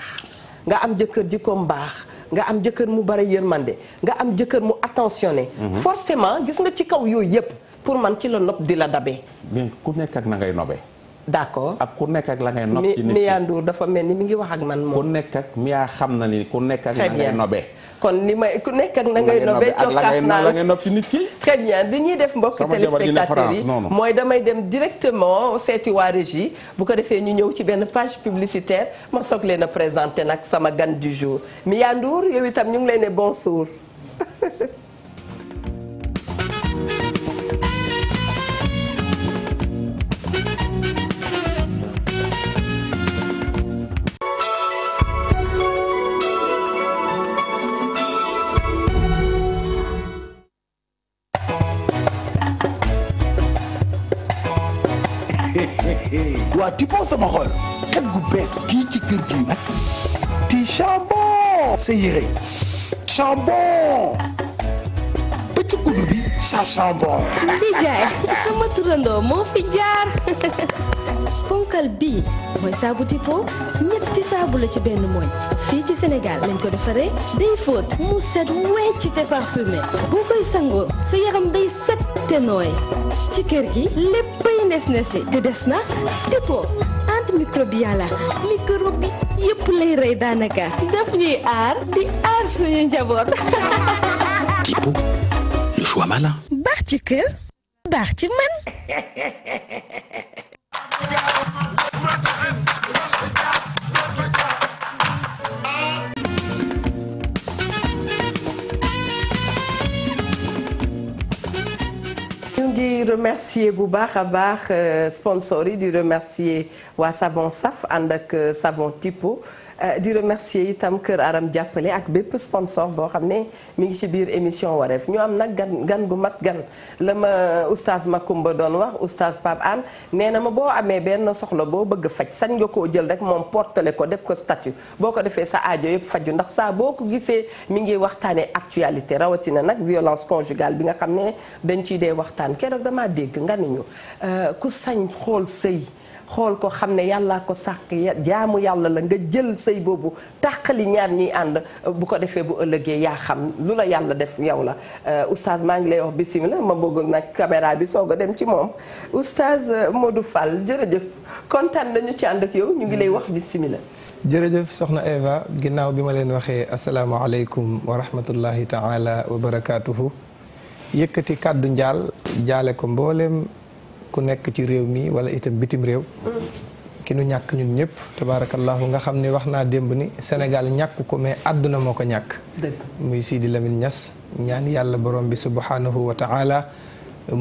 nga am jëkkër ji ko mu baax nga am jëkkër mu man de nga am jëkkër mu attentionné. Mhm. forcément gis nga ci kaw yooyu yëpp pour man ci la nopp di la dabee. bien ku nekk ak na ngay nobee. d'accord ak ku nekk ak la ngay nopp ci nit mi dafa mel ni mi ngi wax ak man moom. nekk ak Mia xam na ni ku nekk ak. ngay nobee. kon li may ku nekk ak na ngay nobee cokkaas naa la ngay nob ci nit ki très bien di ñuy def mbokki téléspectateurs yi mooy damay dem directement seeti waa régie bu ko defee ñu ñëw ci benn page publicitaire ma soog leen a nag sama gan du jour Mia Ndour yow itam ñu ngi lay ne bonsoir waa Tipo sama xol xet gu bees kii ci kër gi ti chambon sa yére chambon ba ci bi sa chambon di jaay sama turandoo moo fi jaar ponkal bii mooy saabu tipo ñetti saabu la ci benn mooñ fii ci Sénégal lañ ko defaree day fóot mu set wecc te parfumé boo koy sangoo sa yaram day set te nooy ci kër gi léppay nes nesi te des na tipo antimicrobien la microbe bi yëpp lay rey daanaka daf ñuy aar di aar suñu njaboot tipo le choix malin baax ci kër baax ci man ngi remercier bu baax a baax euh, sponsor yi di remercier waa savon saf ànd ak euh, savon Tipo Euh, di remercier itam Kër Aram jàppale ak bépp sponsor boo xam ne mi ngi ci biir émission wareef ñu am nag gan gu mat gan la ma oustaz Makumba doon wax oustaz Pape Anne nee na ma boo amee benn soxla boo bëgg faj sañ nga koo jël rek moom portale ko def ko statut boo ko defee sa aajo yëpp faju ndax saa boo ko gisee mi ngi waxtaanee actualité rawatina nag violence conjugale bi nga xam ne dañ ciy dee waxtaan keroog damaa dégg nga ni ñu euh, ku sañ xool sëy xool ko xam ne yàllaa ko sàkk jaamu yàlla la nga jël sëy boobu tàqali ñaar ñiy ànd bu ko defee bu ëllëgee yaa xam lu la yàlla def yow la euh, oustaz maa ngi lay wax la ma bëgg nag caméra bi soog a dem ci moom oustaz euh, Modou Fall jërëjëf kontaan nañu ci ànd ak yow ñu ngi lay wax bisimilah. jërëjëf soxna Eva ginnaaw bi ma leen waxee asalaamaaleykum aleykum rahmatullahi taala wa barakaatuhu yëkkati kàddu njaal jaale ko mboolem. ku nekk ci réew mi wala itam bitim réew ki nu ñàkk ñun ñëpp tabaarakallaahu nga xam ne wax naa démb ni Sénégal ñàkk ko mais adduna moo ko ñàkk muy Sidi Lamine Niass ñaan yàlla borom bi subhanahu wa taala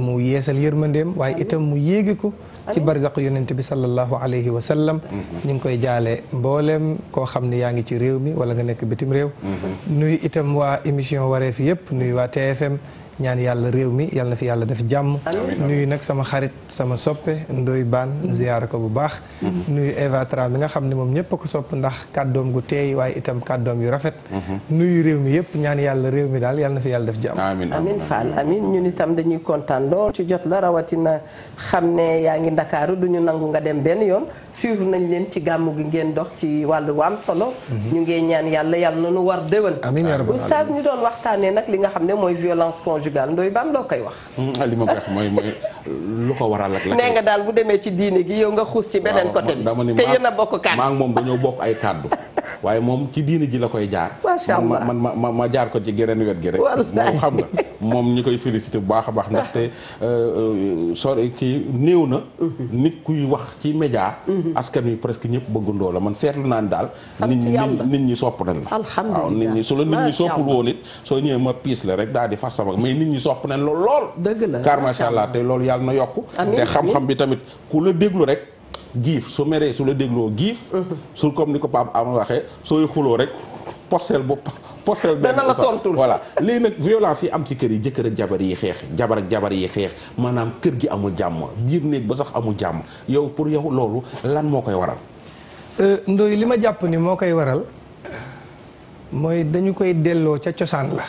mu yeesal yërmandeem waaye itam mu yéegi ko ci barzaq yonent bi sallallahu alayhi wa sallam mm-hmm. ñu ngi koy jaale mbooleem koo xam ne yaa ngi ci réew mi wala nga nekk bitim réew mm-hmm. nuy itam waa émission wareef yëpp nuy waa TFM ñaan yàlla réew mi yàlla na yàlla def jàmm nuyu nag sama xarit sama soppe ndoy baan mhm. ziyaara ko bu baax mhm. nuyu Eva Tra mi nga xam ne moom ñëpp a ko sopp ndax kàddoom gu teey waaye itam kàddoom yu rafet mhm. nuyu réew mi yëpp ñaan yàlla réew mi daal yàlla na fi yàlla def jàmm amin Fall amin ñun itam dañuy kontaan lool ci jot la rawatina xam ne yaa ngi ndakaaru duñu nangu nga dem benn yoon suivre nañ leen ci gàmm gi ngeen dox ci wàll waam solo ñu ngee ñaan yàlla yàlla nu war conjugale ndoy baam loo koy wax. Mm, ah, li ma mooy mooy lu ko waral ak. nee nga daal bu demee ci diine gi yow nga xuus ci beneen côté bi. te yéen a bokk kàddu maa ngi moom dañoo bokk ay kàddu. waaye moom ci diini ji la koy jaar macha allah man ma ma ma jaar ko ci geneen wet gi rek moom xam nga moom ñi koy félicité bu baax a baax ndaxte euh, euh, sori kii néew na mhm. nit kuy wax ci média mhm. askan wi presque ñëpp bëggundoo la man seetlu naa ni daal nit ñi nit ñi sopp nañ la alhamdulilah waaw nit ñi su la nit ñi soppul woon it soo ñëwee ma piis la rek daal di far sama mais nit ñi sopp nañ la lool dëgg la car allah te loolu yàlla na yokk te xam-xam bi tamit ku la déglu rek giif su meree su la dégloo giif. su comme ni ko Pape am waxee sooy xuloo rek porcel bopp. porcel benn dana la tontul voilà léegi nag violence yi am ci kër yi jëkkër ak jabar yi xeex jabar ak jabar yi xeex maanaam kër gi amul jàmm biir néeg ba sax amul jàmm yow pour yow loolu lan moo koy waral. Euh, Ndoye li ma jàpp ni moo koy waral mooy dañu koy delloo ca cosaan la.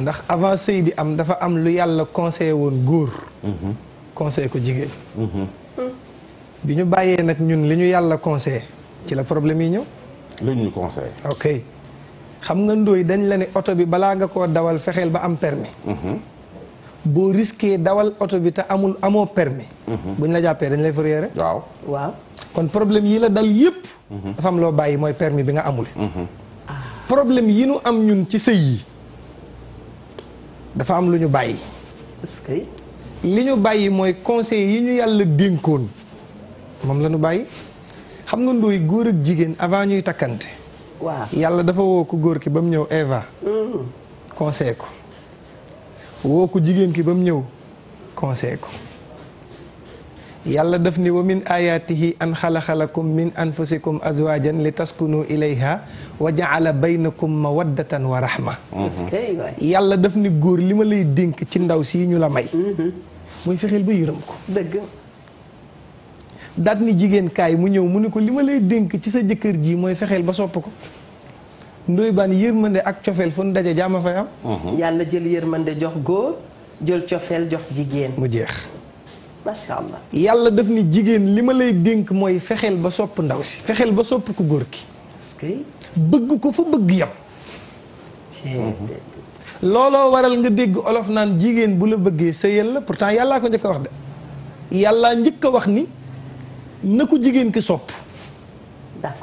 ndax avant sëy di am dafa am lu yàlla conseillé woon góor. conseillé ko jigéen. bi ñu bàyyee nag ñun li ñu yàlla conseil ci la problème yi ñëw. li ñu conseil ok xam nga ndóoy dañ la ne oto bi balaa nga koo dawal fexeel ba am permis mhm. boo risqué dawal oto bi te amul amoo permis mhm. buñ la jàppee dañ lay fourrière. waaw kon problème yi la dal yépp. Mhm. dafa am loo bàyyi mooy permis bi nga amul. Ah. problème yi nu am ñun ci sëy yi dafa am lu ñu bàyyi. li ñu bàyyi mooy conseil yi ñu yàlla dénkoon. moom la ñu bàyyi xam nga ndóoy góor ak jigéen avant ñuy takkante. waaw yàlla dafa woo ko góor ki ba mu ñëw Eva. Mm-hmm. conseil ko woo ko jigéen ki ba mu ñëw conseil ko. yàlla daf ni wa min ayatihi an xalaxalakum min anfusikum azwajan li taskunu ilayha wa jaala baynakum mawaddatan wa rahma mm-hmm. yàlla daf ni góor li ma lay dénk ci ndaw si ñu la may mm-hmm. muy fexeel ba yërëm ko daat ni jigéenkaay kaay mu ñëw mu ne ko li ma lay dénk ci sa jëkkër ji mooy fexeel ba sopp ko ndoy baan yërmande ak cofeel fu nu daje jaama fay am mhm. yàlla jël yërmande jox góor jël cofeel jox jigéen mu jeex macha allah yàlla daf ni jigéen li ma lay dénk mooy fexeel ba sopp ndaw si fexeel ba sopp ko góor ki bëgg ko fa bëgg yam looloo waral nga dégg olof naan jigéen bu la bëggee sëyal la pourtant yàllaa ko njëkk a wax de yàllaa njëkk a wax ni na ku jigéen ki sopp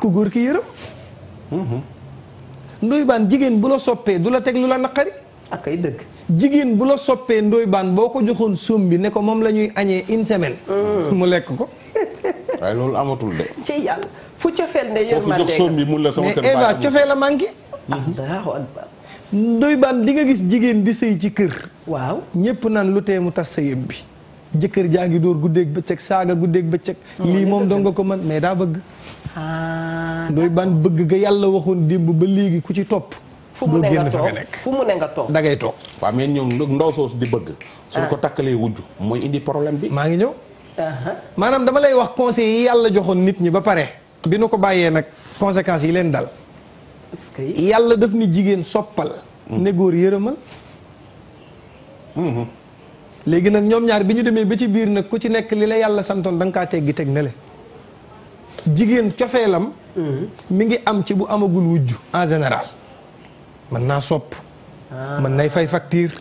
ku góor ki yërëm mhm. ndoy jigéen bu la soppee du la teglu lu la naqari jigéen bu la soppee ndoy boo ko joxoon soom bi ne ko moom la ñuy añee une semaine mm. mu lekk ko waaye loolu amatul de ci yàlla fu cofeel la sama kër cofee la manqué mm-hmm. ndoy baan di nga gis jigéen di sëy ci kër waaw ñépp naan lu tee mu tas sëyam bi jëkkër jaa ngi dóor guddeeg bëccëg saaga guddeeg bëccëg oh, lii moom dong nga ko man mais daa bëgg ah, ndoy ban bëgg ga yàlla waxoon démb ba léegi ku ci topp fu mu ne nga toog fu mu ne nga toog da ngay toog waaw mais ñoom ndaw soosu di bëgg ah. suñ ko takkalee wujj mooy indi problème bi maa ngi ñëw uh-huh. maanaam dama lay wax conseil yi yàlla joxoon nit ñi ba pare bi nu ko bàyyee nag conséquences yi leen dal yàlla daf ni jigéen soppal hmm. ne góor yërëmal hmm, hmm. léegi nag ñoom ñaar bi ñu demee ba ci biir nag ku ci nekk li la yàlla santoon da nga kaa teggi teg ne le jigéen cofeelam mm-hmm. mi ngi am ci bu amagul wujj en général mën naa sopp ah. mën nay fay facture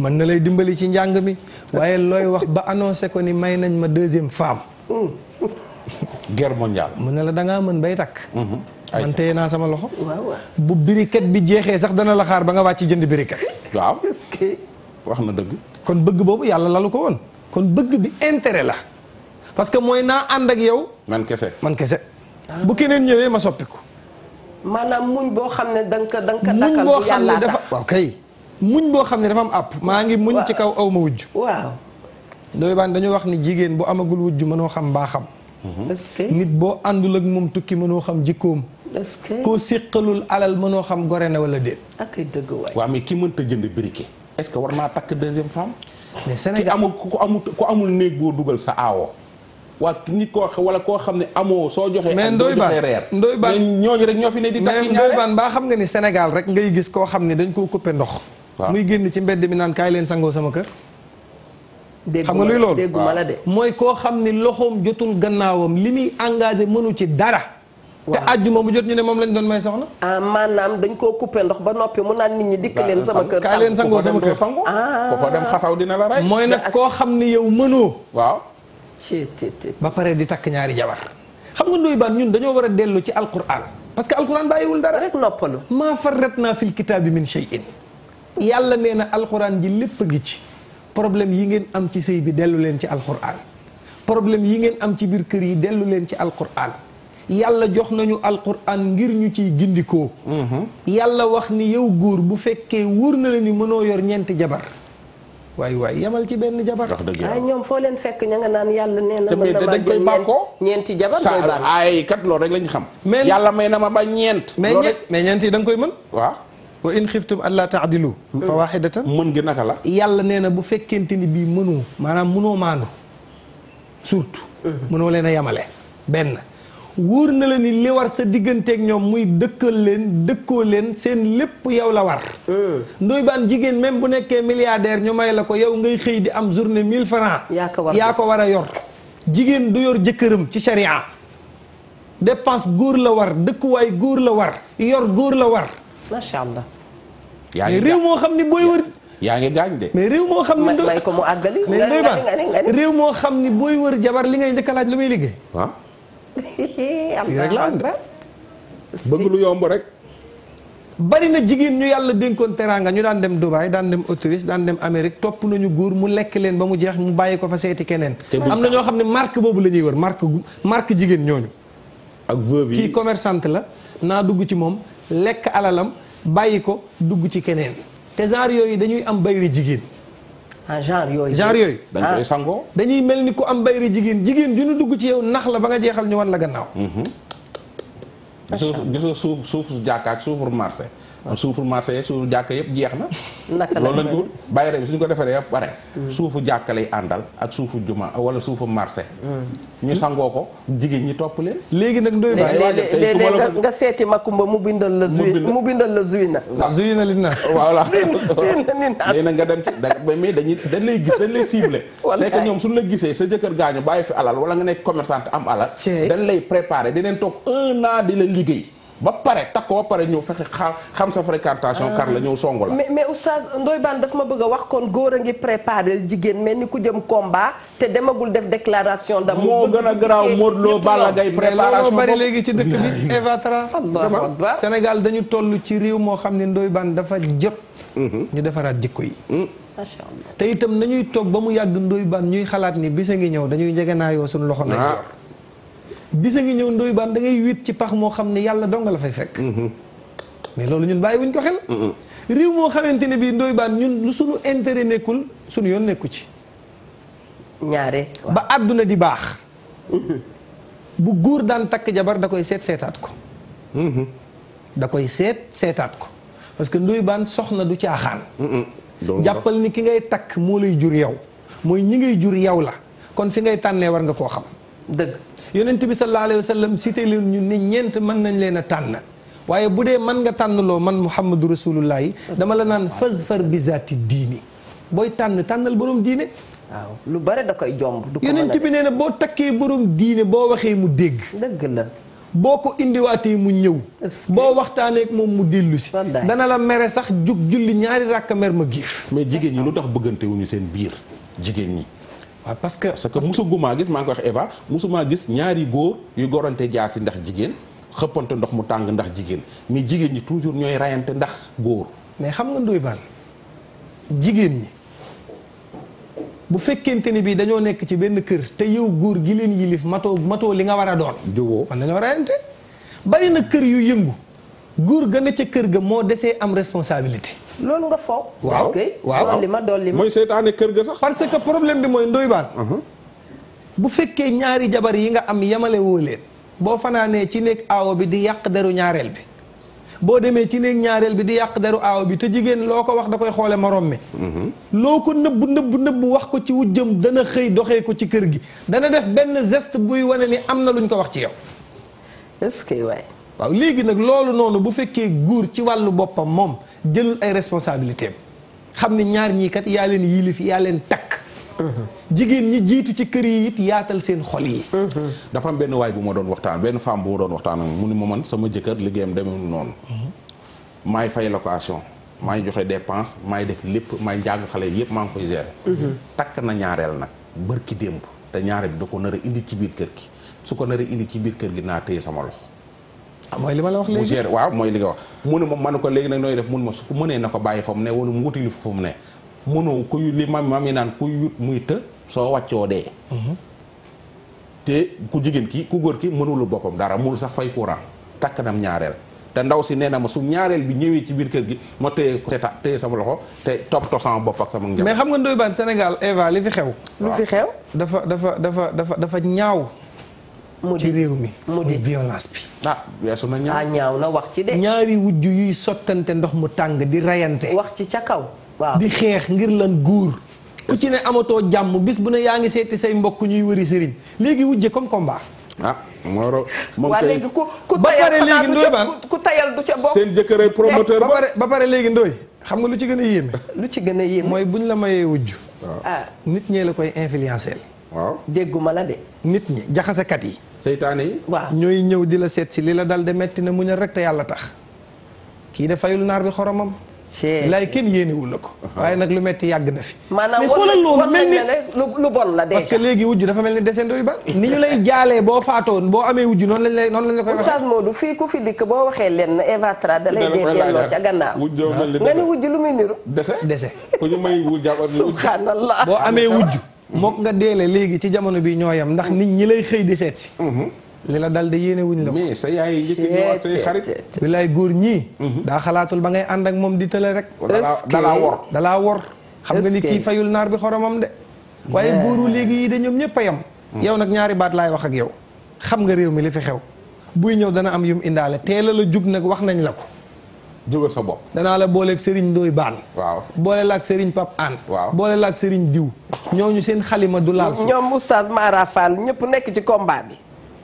mën na lay dimbali ci njàng mi waaye looy wax ba annoncé ko ni may nañ ma deuxième femme mm. guerre mondiale mu ne la dangaa mën bay takk mm-hmm. man naa sama loxo bu biriket bi jeexee sax dana la xaar ba nga wàcc jënd biriket wax na dëgg. kon bëgg boobu yàlla lalu ko woon. kon bëgg bi intérêt la. parce que mooy naa ànd ak yow. man kese man kese. bu keneen ñëwee ma soppiku. maanaam muñ boo xam ne da nga ko da nga ko dakkal muñ boo dafa waaw muñ boo xam ne dafa am àpp. maa ngi muñ ci kaw aw ma wujj. waaw. doy baan dañoo wax ni jigéen bu amagul wujj mënoo xam baa xam. Mm-hmm. nit boo àndul ak moom tukki mënoo xam jikkoom. koo séqalul alal mënoo xam gore na wala déet. ak ay dëgg waay. waaw mais ki mënta jënd briquet. est-ce que war naa takk deuxième femme. mais Sénégal dugal sa aawoo. waa nit wala koo xam ne amoo soo joxee. mais Ndoye Bane Ndoye ñooñu rek ñoo fi ne baa xam nga ni Sénégal rek ngay gis koo xam ne dañ koo coupé ndox. muy génn ci mbedd mi naan kaay leen sangoo sama kër. xam nga luy loolu mooy koo xam ne loxoom jotul gannaawam li muy engagé mënu ci dara. te àjjuma bu jot ñu ne moom lañ doon may soxna. ah maanaam dañ koo coupé ndox ba noppi mu naan nit ñi dikk leen sama kër. kaay leen sangoo sama kër sangu ah. ko fa dem xasaw dina la rey. mooy nag koo xam ne yow mënoo. waaw. ba pare di takk ñaari jabar. xam nga ndoy baan ñun dañoo war a dellu ci alquran parce que alquran bàyyiwul dara. rek noppalu. maa farratnaa fil kitaabi min shay'in yàlla nee na alquran ji lépp a ngi ci problème yi ngeen am ci sëy bi dellu leen ci alquran problème yi ngeen am ci biir kër yi dellu leen ci alquran yàlla jox nañu alquran ngir ñu ciy gindikoo mm-hmm. yàlla wax ni yow góor bu fekkee wóor na la ni mënoo yor ñeenti jabar waay waay yemal ci benn jabar. wax dëgg yàlla ñoom foo leen fekk ña nga naan yàlla nee na dañ koy bàkkoo ñeenti jabar ngay bàkk ay kat loolu rek lañu xam. mais yàlla may na ma ba ñeent. loolu rek mais ñeent yi koy mën. waaw. wa in xiftum allaa taadilu fa waaxidatan mën gi naka la. yàlla nee na bu fekkente ni bii mënoo. maanaam mënoo maandu surtout. Mm-hmm. mënoo leen a yemale benn. wóor na la ni li war sa digganteeg ñoom muy dëkkal leen dëkkoo leen seen lépp yow la war. Hmm. ndoy baan jigéen même bu nekkee milliardaire ñu may la ko yow ngay xëy di am journée mille francs yaa ko war yaa ko war a yor. jigéen du yor jëkkëram ci charia dépense góor la war dëkkuwaay góor la war yor góor la war. macha allah. yaa ngi réew moo xam ni booy wër. yaa ngi gaañ de. mais réew moo xam ni. ko mu àggali. mais moo xam ni booy wër jabar li ngay njëkk a laaj lu muy liggéey. am na ba bëgg lu yomb rek. bari na jigéen ñu yàlla dénkoon teraanga ñu daan dem Dubaay daan dem autriche daan dem Amérique topp nañu góor mu lekk leen ba mu jeex mu bàyyi ko fa seeti keneen. am na ñoo xam ne marque boobu la ñuy wër marque marque jigéen ñooñu. ak veuve yi kii commerçante la naa dugg ci moom lekk alalam bàyyi ko dugg ci keneen te genre yooyu dañuy am bayri jigéen. ah genre yooyu. genre yooyu. dañ koy ah. sangoo dañuy mel ni ku am bayri jigéen jigéen ju ñu dugg ci yow nax la ba nga jeexal ñu wan la gannaaw. Mhm. gis nga suuf suuf jàkk ak suufu marché. suufu marché suufu jàkka yëpp jeex na. naka la loolu bàyyi bi suñ ko defaree yëpp pare. suufu jàkka lay àndal ak suufu juma wala suufu marché. ñu sangoo ko jigéen ñi topp leen. léegi nag ndoy bàyyi waa nga seeti Makumba mu bindal la. mu bindal la Zuyina. Ah, waaw Zuyina li naas. voilà Zuyina li naas. léegi nag nga dem ci mais dañuy dañ lay gis dañ lay ciblé. c'est que ñoom suñu la gisee sa jëkkër gaañu bàyyi fi alal wala nga nekk commerçante am alal. dañ lay préparé dineen toog un an di la liggéey ba pare takk ko ba pare ñëw fexe xam xam sa fréquentation kar la ñëw songu la. mais mais oustaz Ndoye Bane daf ma bëgg a wax kon góor a ngi préparé jigéen mel ni ku jëm combat te demagul def déclaration. da moo gën a garaaw Modou bala Balla Gaye préparation bari léegi ci dëkk bi Eva Tra Sénégal dañu toll ci réew moo xam ne Ndoye dafa jot. Mm-hmm. ñu defaraat jikko yi. Mm. macha allah te itam nañuy toog ba mu yàgg Ndoye Bane ñuy xalaat ni bisa ngi ñëw dañuy njëgënaayoo suñu loxo. nañ bisa ngi ñëw ndoyu baan da ngay wiit ci pax moo xam ne yàlla donga la fay fekk mm-hmm. mais loolu ñun bàyyi wuñ ko xel mm-hmm. réew moo xamante ne bii ndoyu ñun lu suñu intere nekkul suñu yoon nekku ci ñaare ba àdduna di baax mm-hmm. bu góor daan takk jabar da koy seet seetaat ko da koy seet seetaat ko parce que ndoyu soxna du caaxaan jàppal ni ki ngay takk moo lay jur yow mooy ñi ngay jur yow la kon fi ngay tànnee war nga koo xam dëgg yonent bi sallallahu alayhi wa sallam cité leen ñu ne ñeent mën nañ leen a tànn waaye bu dee mën nga tànnloo man muhammadu rasulullah yi dama la naan fasfar bi zaati diini booy tànn tànnal borom diine waaw lu bare da koy jomb yonent bi nee na boo takkee borom diine boo waxee mu dégg dëgg boo ko indiwaatee mu ñëw boo waxtaanee ak moom mu dellu si dana la mere sax jug julli ñaari ràkk mer ma giif mais jigéen ñi lu tax bëggante wuñu seen biir jigéen ñi waaw parce que parce que musugumaa gis maa ngi wax Eva musumaa gis ñaari góor yu gorante jaasi ndax jigéen xëppante ndox mu tàng ndax jigéen mais jigéen ñi toujours ñooy rayante ndax góor mais xam nga ndoy baan jigéen ñi bu fekkente ni bii dañoo nekk ci benn kër te yow góor gi leen yilif matoo matoo li nga war a doon juboo man dañoo rayante bari na kër yu yëngu góor gën a ca kër ga moo desee am responsabilité. loolu nga foog. waaw waaw parce que li ma mooy seytaane kër ga sax. parce que problème bi mooy ndoy baan uh-huh. bu fekkee ñaari jabar yi nga am yemale leen. boo fanaanee ci néeg aawo bi di yàq deru ñaareel bi boo demee ci néeg ñaareel bi di yàq deru aawo bi te jigéen loo ko wax da koy xoole moroom mi uh-huh. loo ko nëbb nëbb nëbb wax ko ci wujjam dana xëy doxee ko ci kër gi dana def benn geste buy wane ni am na luñ ko wax ci yow est waaw léegi nag loolu noonu bu fekkee góor ci wàllu boppam moom jël ay responsabilités xam ne ñaar ñiikat yaa leen yilif yaa leen takk. jigéen ñi jiitu ci kër yi it yaatal seen xol yi. dafa am benn waay bu ma doon waxtaan benn femme bu ma doon waxtaan ak mu ni ma man sama jëkkër liggéeyam demewul noonu. maay fay location maay joxe dépense maay def lépp maay njàng xale yëpp maa ngi koy gérer. takk na ñaareel nag bërki démb te ñaareel bi da ko nar indi ci biir kër gi su ko nar a ci biir kër gi naa téye sama loxo. Ah, mooy li ma la wax léegi mu gère waaw mooy li wax mu ne ma man ko léegi nag nooy def mun ma su ko mënee na ko bàyyi fa mu ne wala mu wuti li fa mu ne mënoo kuy li mam mam yi naan kuy yut muy të soo wàccoo dee mhm. te ku jigéen ki ku góor ki mënulu boppam dara mënul sax fay courant takk nam ñaareel te ndaw si nee na ma su ñaareel bi ñëwee ci biir kër gi ma téye ko téye sama loxo te toppatoo sama bopp ak sama njaboot mais xam nga Ndoye Bane senegal Eva li fi xew lu xew dafa dafa dafa dafa dafa ñaaw mu ci réew mi. mu di violence bi. ah, ah na ñaaw ah wax ci de. ñaari wujj yuy sottante ndox mu tàng di reyante. wax ci ca kaw waaw. di xeex ngir lan guur. ku ci ne amatoo jàmm bis bu ne yaa ngi seeti say mbokk ñuy wëri sëriñ léegi wujje comme combat. ah Moro moom kay léegi ku ku tayal ku tayal ca bokk seen jëkkër promoteur eh, ba pare ba pare léegi ndooy xam nga lu ci gën a yéeme. lu ci gën a yéeme mooy buñ la mayee wujj. ah nit ñee la koy influencer. waaw dégguma la de. nit ñi jaxasekat yi. seytaane yi. waaw ñooy ñëw di la seet si li la dal de metti na muñal rek te yàlla tax kii de fayul naar bi xoromam. laay kenn yéenewul la ko. waaye nag lu metti yàgg na fi. maanaam mais xoolal mel ni lu bon la parce que léegi wujj dafa mel ni descente yu baax. ni ñu lay jaalee boo faatoon boo amee wujj noonu lañ lay noonu lañ la koy waxee. Oustaz Modou fii ku fi dikk boo waxee lenn Eva Tra da lay dee delloo ca gannaaw. wujj nga ni wujj lu muy niru. dese dese. ku ñu may wujj subhanallah boo amee wujj. mook nga deele léegi ci jamono bi ñoo yam ndax nit ñi lay xëy di seet si mm-hmm. li la dal de yéene wuñ la ko sa yaay njëkk ñëwaat say xarit bilaay góor ñii mm-hmm. daa xalaatul ba ngay ànd ak moom di tële rek dalaa wor dalaa wor xam nga ni kii fayul naar bi xoromam de waaye góoru léegi yi de ñoom ñëpp a yam mm-hmm. yow nag ñaari baat laay wax ak yow xam nga réew mi li fi xew buy ñëw dana am yum indaale teelal la jug nag wax nañ la ko jógal sa bopp. danaa la booleek Serigne Ndoye Baan. waaw boole la ak Serigne Pape Anne. waaw boole la ak Serigne Diw. ñu seen xalima du laa laal. ñoom Oustaz Mara Fall ñëpp nekk ci combat bi.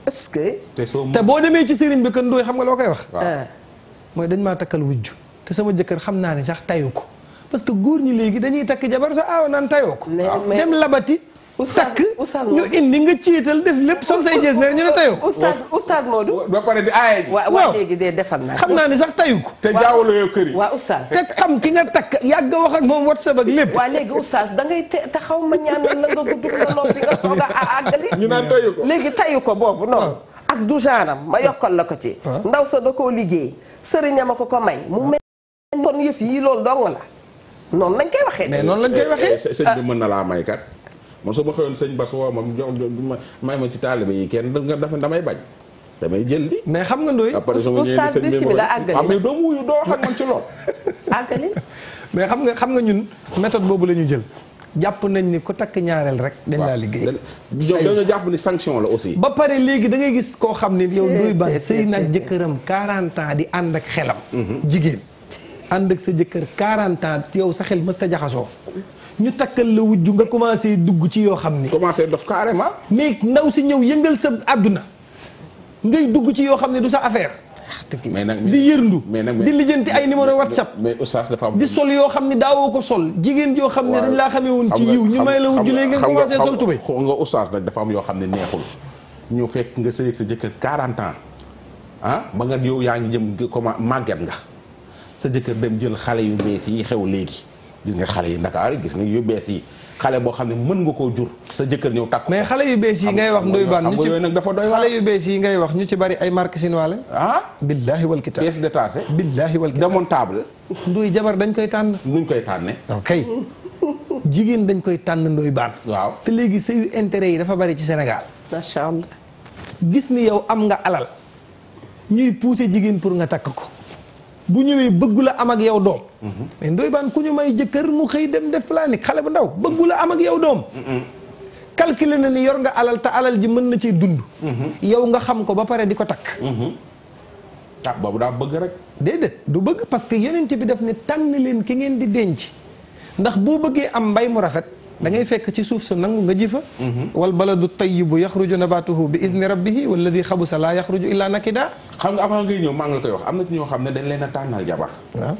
est-ce que. te boo demee ci Serigne bi kër Ndoye xam nga loo koy wax. Ah. mooy dañ maa takkal wujju te sama jëkkër xam naa ne sax tayu ko parce que góor ñi léegi dañuy takk jabar sa aaw ah, naan tayoo ko. dem labati. takk ñu indi nga ciital def lépp sol say jees ne ñu ne tayu ko. oustaz oustaz Modou. ba pare di aaye ji. waaw waaw léegi de defal naa xam naa ni sax tayu ko. te jaawaloo yow kër yi. waaw oustaz. te xam ki nga takk yàgg wax ak moom whatsapp ak lépp. léegi oustaz da ngay te taxaw ma ñaanal la nga gudd nga noppi nga soog a àggali. ñu léegi tayu ko boobu noonu. ak du genre ma yokkal la ko ci. ndaw sa da koo liggéey. sëriñam a ko ko may mu mel kon yëf yi loolu dong la noonu lañ koy waxee. mais noonu lañ koy eh, eh, waxee. Eh, sëñ mën na laa may kat man su ma xëyoon sëñ Bas woo ma jox ma may ma ci taalibe yi kenn nga dafa damay bañ. damay jël di. mais xam nga Ndoye. oustaz bisimilah àggali après doo wuyu doo xam man ci lool àggali. mais xam nga xam nga ñun méthode boobu la ñu jël. jàpp nañ ni ku takk ñaareel rek. dañ laa liggéey. dañoo jàpp ni sanction la aussi. ba pare léegi da ngay gis koo xam ne yow Ndoye Bane sëy nag jëkkëram 40 ans di ànd ak xelam. Mhm. jigéen. ànd ak sa jëkkër 40 yow sa xel mës ta jaxasoo ñu takkal la wujju nga commencé dugg ci yoo xam ni. commencé dof carrément. mais ndaw si ñëw yëngal sa àdduna ngay dugg ci yoo xam ne du sa affaire. Ah, mais nag di yërndu. di lijjanti ay numéro WhatsApp. mais oustaz dafa am. di sol yoo xam ne daawoo ko sol. jigéen yoo xam ne laa xamee woon ci yiw ñu may la wujju léegi nga commencé sol tubéy. xam nga oustaz nag dafa am yoo xam ne neexul. ñëw fekk nga sëyeeg sa jëkkër 40 ans ah ba nga yow yaa ngi jëm comment màgget nga. sa jëkkër dem jël xale yu bees yi xew léegi gis nga xale yi Ndakaaru gis nga yu bees yi xale boo xam ne mën nga koo jur sa jëkkër ñëw takk mais xale yu bees yi ngay wax ndoy baan ñu nag dafa doy bees yi ngay wax ñu ci bari ay marque sinuwaale ah billaahi wal kitaab pièce détachée billaahi wal kitaab démontable nduy jabar dañ koy tànn nuñ koy tànne ok jigéen dañ koy tànn ndoy waaw te léegi sëyu intérêt yi dafa bari ci Sénégal macha allah gis ni yow am nga alal ñuy pousser jigéen pour nga takk ko bu ñëwee bëggula am ak yow doom mm-hmm. mais ndoy baan ku ñu may jëkkër mu xëy dem def planning xale bu ndaw bëggula la am ak yow doom mm-hmm. calculer na ni yor nga alal te alal ji mën na ci dund mm-hmm. yow nga xam ko ba pare di ko takk ah boobu daa bëgg rek déedéet du bëgg parce que yonent bi daf ne tànn leen ki ngeen di denc ndax boo bëggee am mbay mu rafet da ngay fekk ci suuf su nangu nga ji fa mhm. wal baladu tayyibu yaxruju nabatuhu bi izni rabbihi walladi xabusa laa yaxruju illaa nakida xam nga avant ngay ñëw maa ngi koy wax am na ci ñoo xam ne dañ leen a tànnal jabar waaw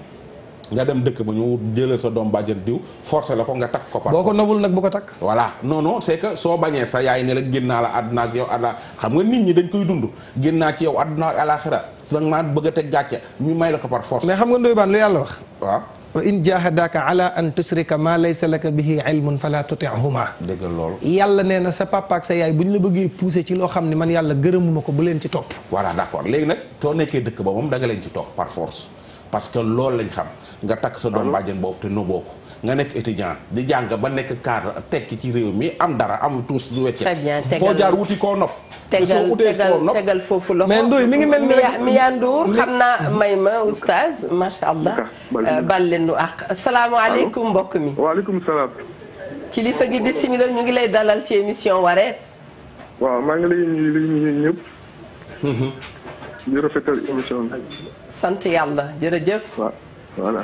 nga dem dëkk ba ñu jëlal sa doom bàjjen diw forcé la ko nga takk ko par boo ko nobul nag bu ko takk voilà non non c'est sa yaay ne la génn naa la àdduna ak yow àllaa xam nga nit ñi dañ koy dund génn naa ci yow àdduna ak àllaaxira danga maa bëgg a teg gàcce ñu may la ko par force mais xam nga ndoyu baan lu yàlla wax waaw wa in jahadaka ala an tushrika ma laysa laka bihi ilmun fala tuti'huma dëggal yàlla nee na sa papa ak sa yaay bu ñu la bëggee poussé ci loo xam ne man yàlla gërëmuma ko bu leen ci topp voilà d'accord léegi nag soo nekkee dëkk ba moom da nga leen ci topp par force parce que lool lañ xam nga takk sa doon bàjjen boobu te noboo ko nga nekk étudiant di jàng ba nekk cadre tekki ci réew mi am dara am tuus du wecce foo jaar wuti koo nopp tegal tegal foofu loxo mais Ndoye mi ngi mel ni Miya Ndour xam naa may ma oustaz macha allah bal euh, leen nu ak asalaamaaleykum mbokk mi waaleykum salaam kilifa gi bisimilah ñu ngi lay dalal ci émission wareef waaw maa ngi lay nuyu ñu ñëpp mhm. émission sant yàlla jërëjëf voilà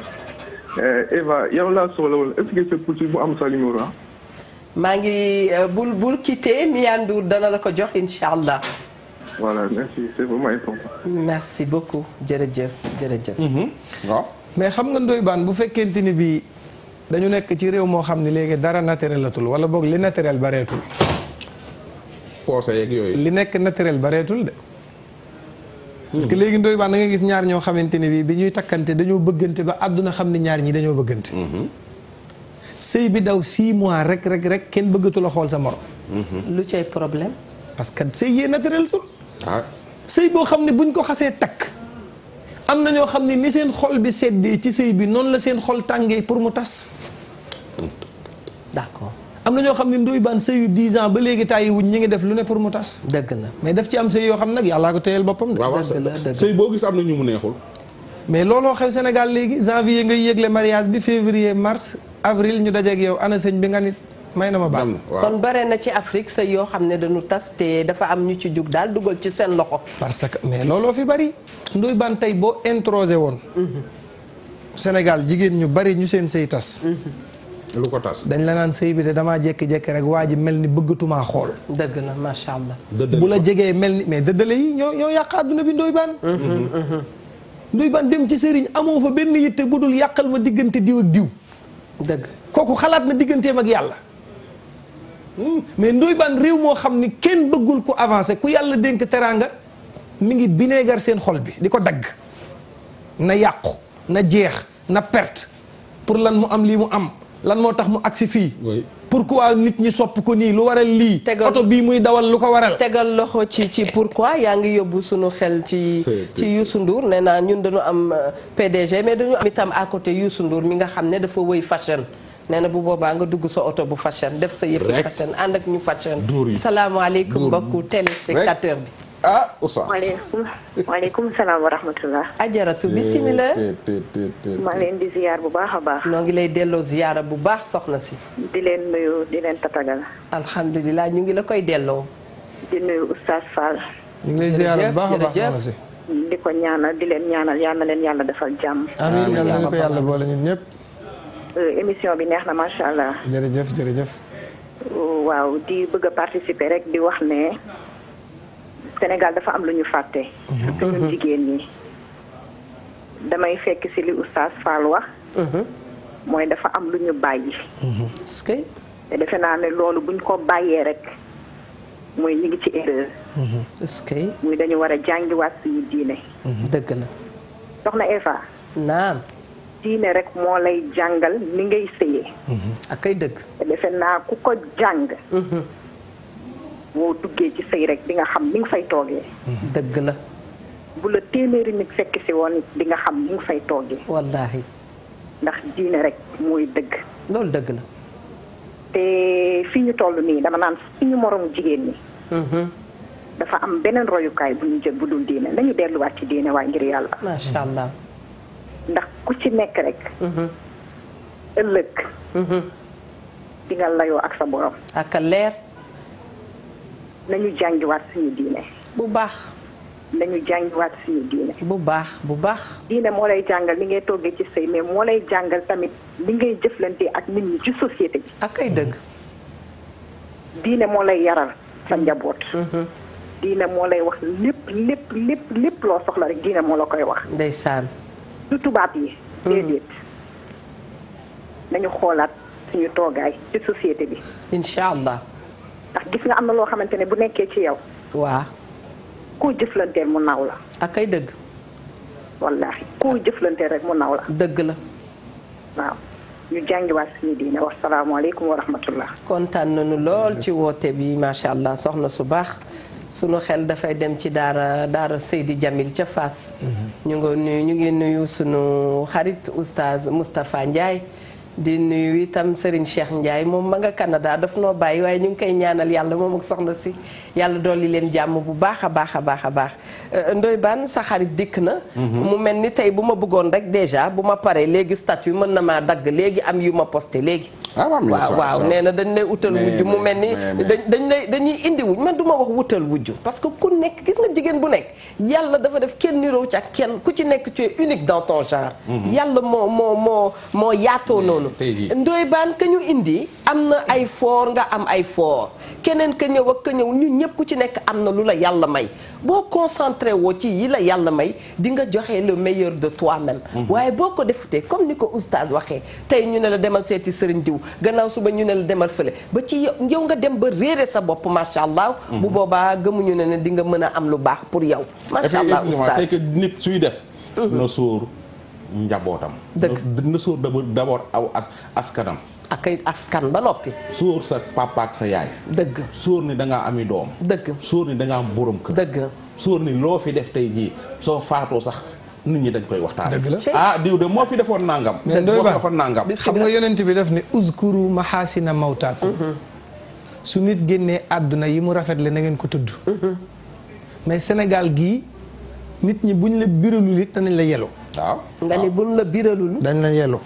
Eh, Eva yow laa soxla woon am sa numéro ah? maa ngi euh, bul bul quitté Miane Ndour dana la ko jox incha allah. voilà merci c'est vraiment important. merci beaucoup mhm. mais xam nga Ndoye Bane bu fekkente ni bi dañu nekk ci réew moo xam ne léegi dara naturel latul wala boog li naturel bareetul. poose yeeg yooyu. li nekk naturel bareetul de. parce que léegi ndoy baan da nga gis ñaar ñoo xamante ne bii bi ñuy takkante dañoo bëggante ba àdduna xam ne ñaar ñi dañoo bëggante mhm. sëy bi daw 6 mois rek rek rek kenn bëggatula xool sa morom mhm. lu cay problème parce que sëy yee naturel tul ah. sëy boo xam ne buñ ko xasee takk am na ñoo xam ne ni seen xol bi seddee ci sëy bi noonu la seen xol tàngee pour mu tas d'accord am na ñoo xam ne ndoyu baan sëyu 10 ans ba léegi tàyyi wuñ ñi ngi def lu ne pour mu tas dëgg la mais daf ci am sëy yoo xam nag yàllaa ko téyel boppam de sëy boo gis am na ñu mu neexul mais looloo xew Sénégal léegi janvier ngay yëgle mariage bi février mars avril ñu dajeeg yow ana sëñ bi nga nit may na ma baax kon bare na ci Afrique sëy yoo xam ne dañu tas te dafa am ñu ci jug daal dugal ci seen loxo parce que mais looloo fi bari ndoyu baan tey boo introsé woon mhm. Sénégal jigéen ñu bari ñu seen sëy tas mhm. lu ko tas dañ la naan sëy bi de damaa jékki-jékki rek waa ji mel ni bëggatumaa xool. dëgg na macha allah. bu la jegee mel ni mais dëddale yi ñoo ñoo yàq àdduna bi ndoy baan mm-hmm, mm-hmm. dem ci sëriñ amoo fa benn yitte bu dul yàqal ma diggante diw diw. dëgg kooku xalaat na digganteem ak yàlla. Mm. mais ndoy réew moo xam ni kenn bëggul ko avancé ku yàlla dénk teraanga mi ngi bineegar seen xol bi di ko dagg. na yàqu na jeex na perte pour lan mu am lii mu am. lan moo tax mu agsi fii. pourquoi nit ñi sopp ko nii lu waral lii. tegal oto bii muy dawal lu ko waral. tegal loxo ci ci pourquoi yaa ngi yóbbu sunu xel ci. ci Youssou Ndour nee naa ñun dañu am euh, PDG mais dañu am itam à côté Youssou Ndour mi nga xam ne dafa wëy fashion. nee na bu boobaa nga dugg sa oto bu fashion def sa yëfi fashion ànd ak ñu fashion. salaamaaleykum mbokku téléspectateur bi. ah Oustaz. maaleykum maaleykum salaam wa rahmatullah. ajaratu bisimilah. maa leen di ziyaar bu baax a baax. noo ngi lay delloo ziyaara bu baax soxna si. di leen nuyu di leen tatagal. alhamdulilah ñu ngi la koy delloo. di nuyu Oustaz Fall. ñu ngi lay ziyaara bu baax a baax soxna si. di ko ñaanal di leen ñaanal yal na leen yàlla defal jàmm. amiin yal na ko yàlla boole ñun ñëpp. Euh, émission bi neex na macha allah. jërëjëf jërëjëf. waaw di bëgg participer rek di wax ne. Sénégal dafa am lu ñu fàtte. surtout mhm. ñun mhm. jigéen ñi. damay fekk ci li oustaz Fall wax. Mhm. mooy dafa am lu ñu bàyyi. te defe naa ne loolu buñ ko bàyyee rek mooy ñu ngi ci erreur. est muy dañu war a jàngiwaat suñu diine. dëgg la. soxna Eva. naam. diine rek moo lay jàngal ni ngay sëyee. ak ay dëgg. te defe naa ku ko jàng. boo duggee ci sëy rek di nga xam ni nga fay toogee. dëgg la. bu la téeméeri nit fekk si woon di nga xam ni nga fay toogee. wallaahi. ndax diine rek mooy dëgg. loolu dëgg la. te fi ñu toll nii dama naan suñu moromu jigéen ñi. Mm-hmm. dafa am beneen royukaay bu ñu jël bu dul diine nañu delluwaat ci diine waaye ngir yàlla. macha allah. ndax ku ci nekk rek. Mm-hmm. ëllëg. Mm-hmm. di layoo ak sa borom. ak leer. nañu jàngiwaat suñu diine. bu baax. nañu jàngiwaat suñu diine. bu baax bu baax. diine moo lay jàngal li ngay toggee ci sëy mais moo lay jàngal tamit li ngay jëflante ak nit ñi ci société bi. ak ay dëgg. diine moo lay yaral sa njaboot. Mhm. diine moo lay wax lépp lépp loo soxla rek diine moo la koy wax. ndeysaan. du tubaab yi. Mhm. déedéet nañu xoolaat suñu toogaay ci société bi. incha allah. ndax gis nga am na loo xamante ne bu nekkee ci yow. waaw. koo jëflanteel mu naw la. ak kay dëgg. wallaahi koo jëflanteel rek mu naw la. dëgg la. waaw ñu jàngiwaat suñu diine wax salaamaaleykum wa rahmatullah. kontaan nañu lool ci woote bi macha allah soxna su baax. sunu xel dafay dem ci daara daara Seydi Jamil ca fas mhm. ñu ngi nuyu ñu ngi nuyu sunu xarit oustaz Moustapha Ndiaye. di nuyu tam Serigne Cheikh Ndiaye moom ma nga Canada daf noo bàyyi waaye ñu ngi koy ñaanal yàlla moom ak soxna si yàlla dolli leen jàmm bu baax a baax a baax a baax euh, Ndoye Bane sa dikk na mhm. mu mel ni tey bu ma bëggoon rek déjà bu ma paree léegi statut mën na maa dagg léegi am yu ma posté léegi ah, waaw waaw nee na dañ lay wutal mu mel ni dañ lay dañuy indi wujj man du ma wax wutal wujju parce que ku nekk jigéen bu nekk yàlla dafa def kenn niroo ci ak kenn ku ci nekk tu es unique dans ton genre mhm. yàlla moo moo moo moo noonu tey jii ndoy baan ka ñu indi am na ay foor nga am ay foor keneen ka ñëw ak ka ñëw ñu ñëpp ku ci nekk am na lu la yàlla may boo concentré woo ci yi la yàlla may di nga joxe le meilleur de toi-même mhm. waaye boo ko defutee comme ni ko oustaz waxee tey ñu ne la demal seeti sëriñ diw gannaaw suba ñu ne la demal fële ba ci yow nga dem ba réere sa bopp macha allah. Mhm. bu boobaa gëmuñu ne ne di nga mën a am lu baax pour yow macha allah oustaz nit suy def mhm. na suur njabootam. dëgg na sóor d'abord aw as askanam. ak ay askan ba noppi. sóor sa papa ak sa yaay. dëgg soor ni da ngaa ami doom. dëgg sóor ni da ngaa am borom kër. dëgg sóor ni loo fi def tey jii soo faatoo sax nit ñi dañ koy waxtaan. dëgg la ah diw de moo fi defoon nangam. mais moo fi defoon nangam. xam nga yonent bi def ne uzkuru maxaasina mawtaakum mhm. su nit génnee àdduna yi mu rafetle na ngeen ko tudd. Mhm. mais senegal gi nit ñi buñ la biralul it nañ la yelo waaw nga ni buñ la biralul. dañ la yellu.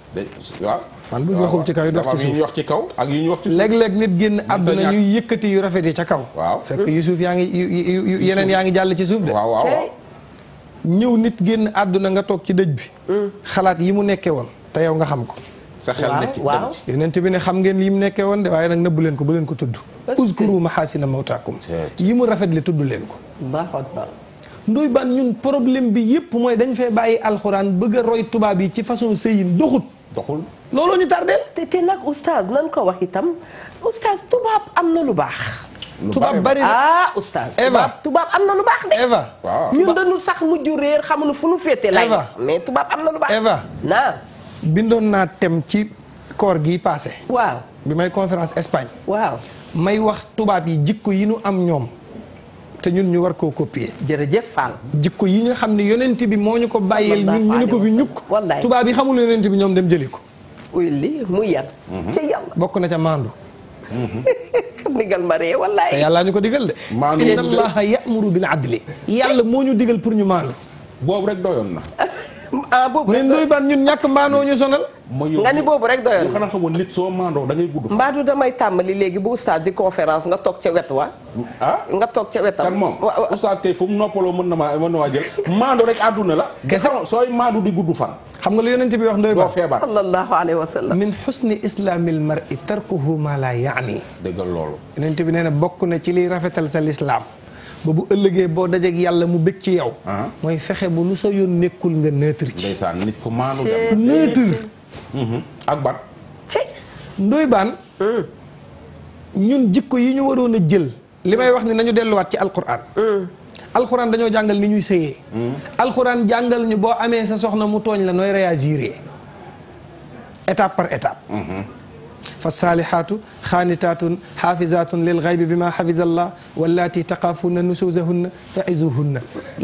waaw man bu ñu waxul ci kaw yi dox ci suuf wax ci kaw ak yu ñu wax ci suuf. nit génn àdduna ñuy yëkkati yu rafet yi ca kaw. waaw fekk yu suuf yaa ngi yu yeneen yaa ngi jàll ci suuf de. ñëw nit génn àdduna nga toog ci dëj bi. Mm. xalaat yi mu nekkee woon te yow nga xam ko. sa xel nekk waaw yonent bi ne xam ngeen yi mu nekkee woon de waaye nag nëbbu leen ko bu leen ko tudd. uskuru mahasina mawtaakum yi mu rafet li tudd leen ko. ndoy baan ñun problème bi yëpp mooy dañ fee bàyyi alxuraan bëgg tubaab yi ci façon sëyin doxut doxul looloo ñu tardeel te nag oustaz nan ko wax itam oustaz tubaab am na lu baax bari ah oustaz. Eva tubaab am na lu baax de. Eva ñun dañu sax mujj réer xamuñu fu nu féete lay mais tubaab am na lu baax. naa. bindoon naa tem ci koor gi paase. waaw bi may conférence Espagne. waaw may wax tubaab yi jikko yi nu am ñoom. te ñun ñu war koo copier. jërëjëf Fall. jikko yi nga xam ne yonent bi moo ñu ko bàyyil ñun ñu ne ko fi ñukk. wallaay tubaab yi xamul yonent bi ñoom dem jëli ko. uy lii muy mhm. bokk na ca maandu. Mhm. digal ma ree te yàlla ñu ko digal de. maandu inna allaha adli. yàlla moo ñu digal pour ñu maandu. boobu rek doyoon na. ah boobu rek doy ñun ñàkk maanoo ñu sonal. nga ni boobu rek doyoon xanaa xamoon soo maandoo da ngay gudd. mbaadu damay tàmbali léegi bu oustaz di conférence nga toog ca wet wa. Ah? nga toog ca wetam. kan moom oustaz fu mu noppaloo mën na maa mën na maa jël rek àdduna la. kese sooy maandu di gudd fan. xam nga lu yonent bi wax ndoy ba feebar sallallahu alayhi wa sallam min xusni islaamil mar'i tarkuhu ma la yaani dëggal loolu yonent bi nee na bokk na ci liy rafetal sa lislaam ba bu ëllëgee boo dajeeg yàlla mu bëgg ci yow. Ah. mooy fexe bu lu sa yoon nekkul nga neutre ci. ndeysaan nit ku maanu dem mm-hmm. ak bat. ndoy baan. Mm. ñun jikko yi ñu waroon a jël. li may wax ni nañu delluwaat ci alquran. Mm. alxuraan dañoo jàngal ni ñuy sëyee. Mm. alxuraan jàngal ñu boo amee sa soxna mu tooñ la nooy réagir étape par étape. Mm-hmm. fa saalihaatu xaanitaatun xaafizaatun lil xaybi bi ma xafizallah wallaati taqaafunna nusuuzahunna faizuhunna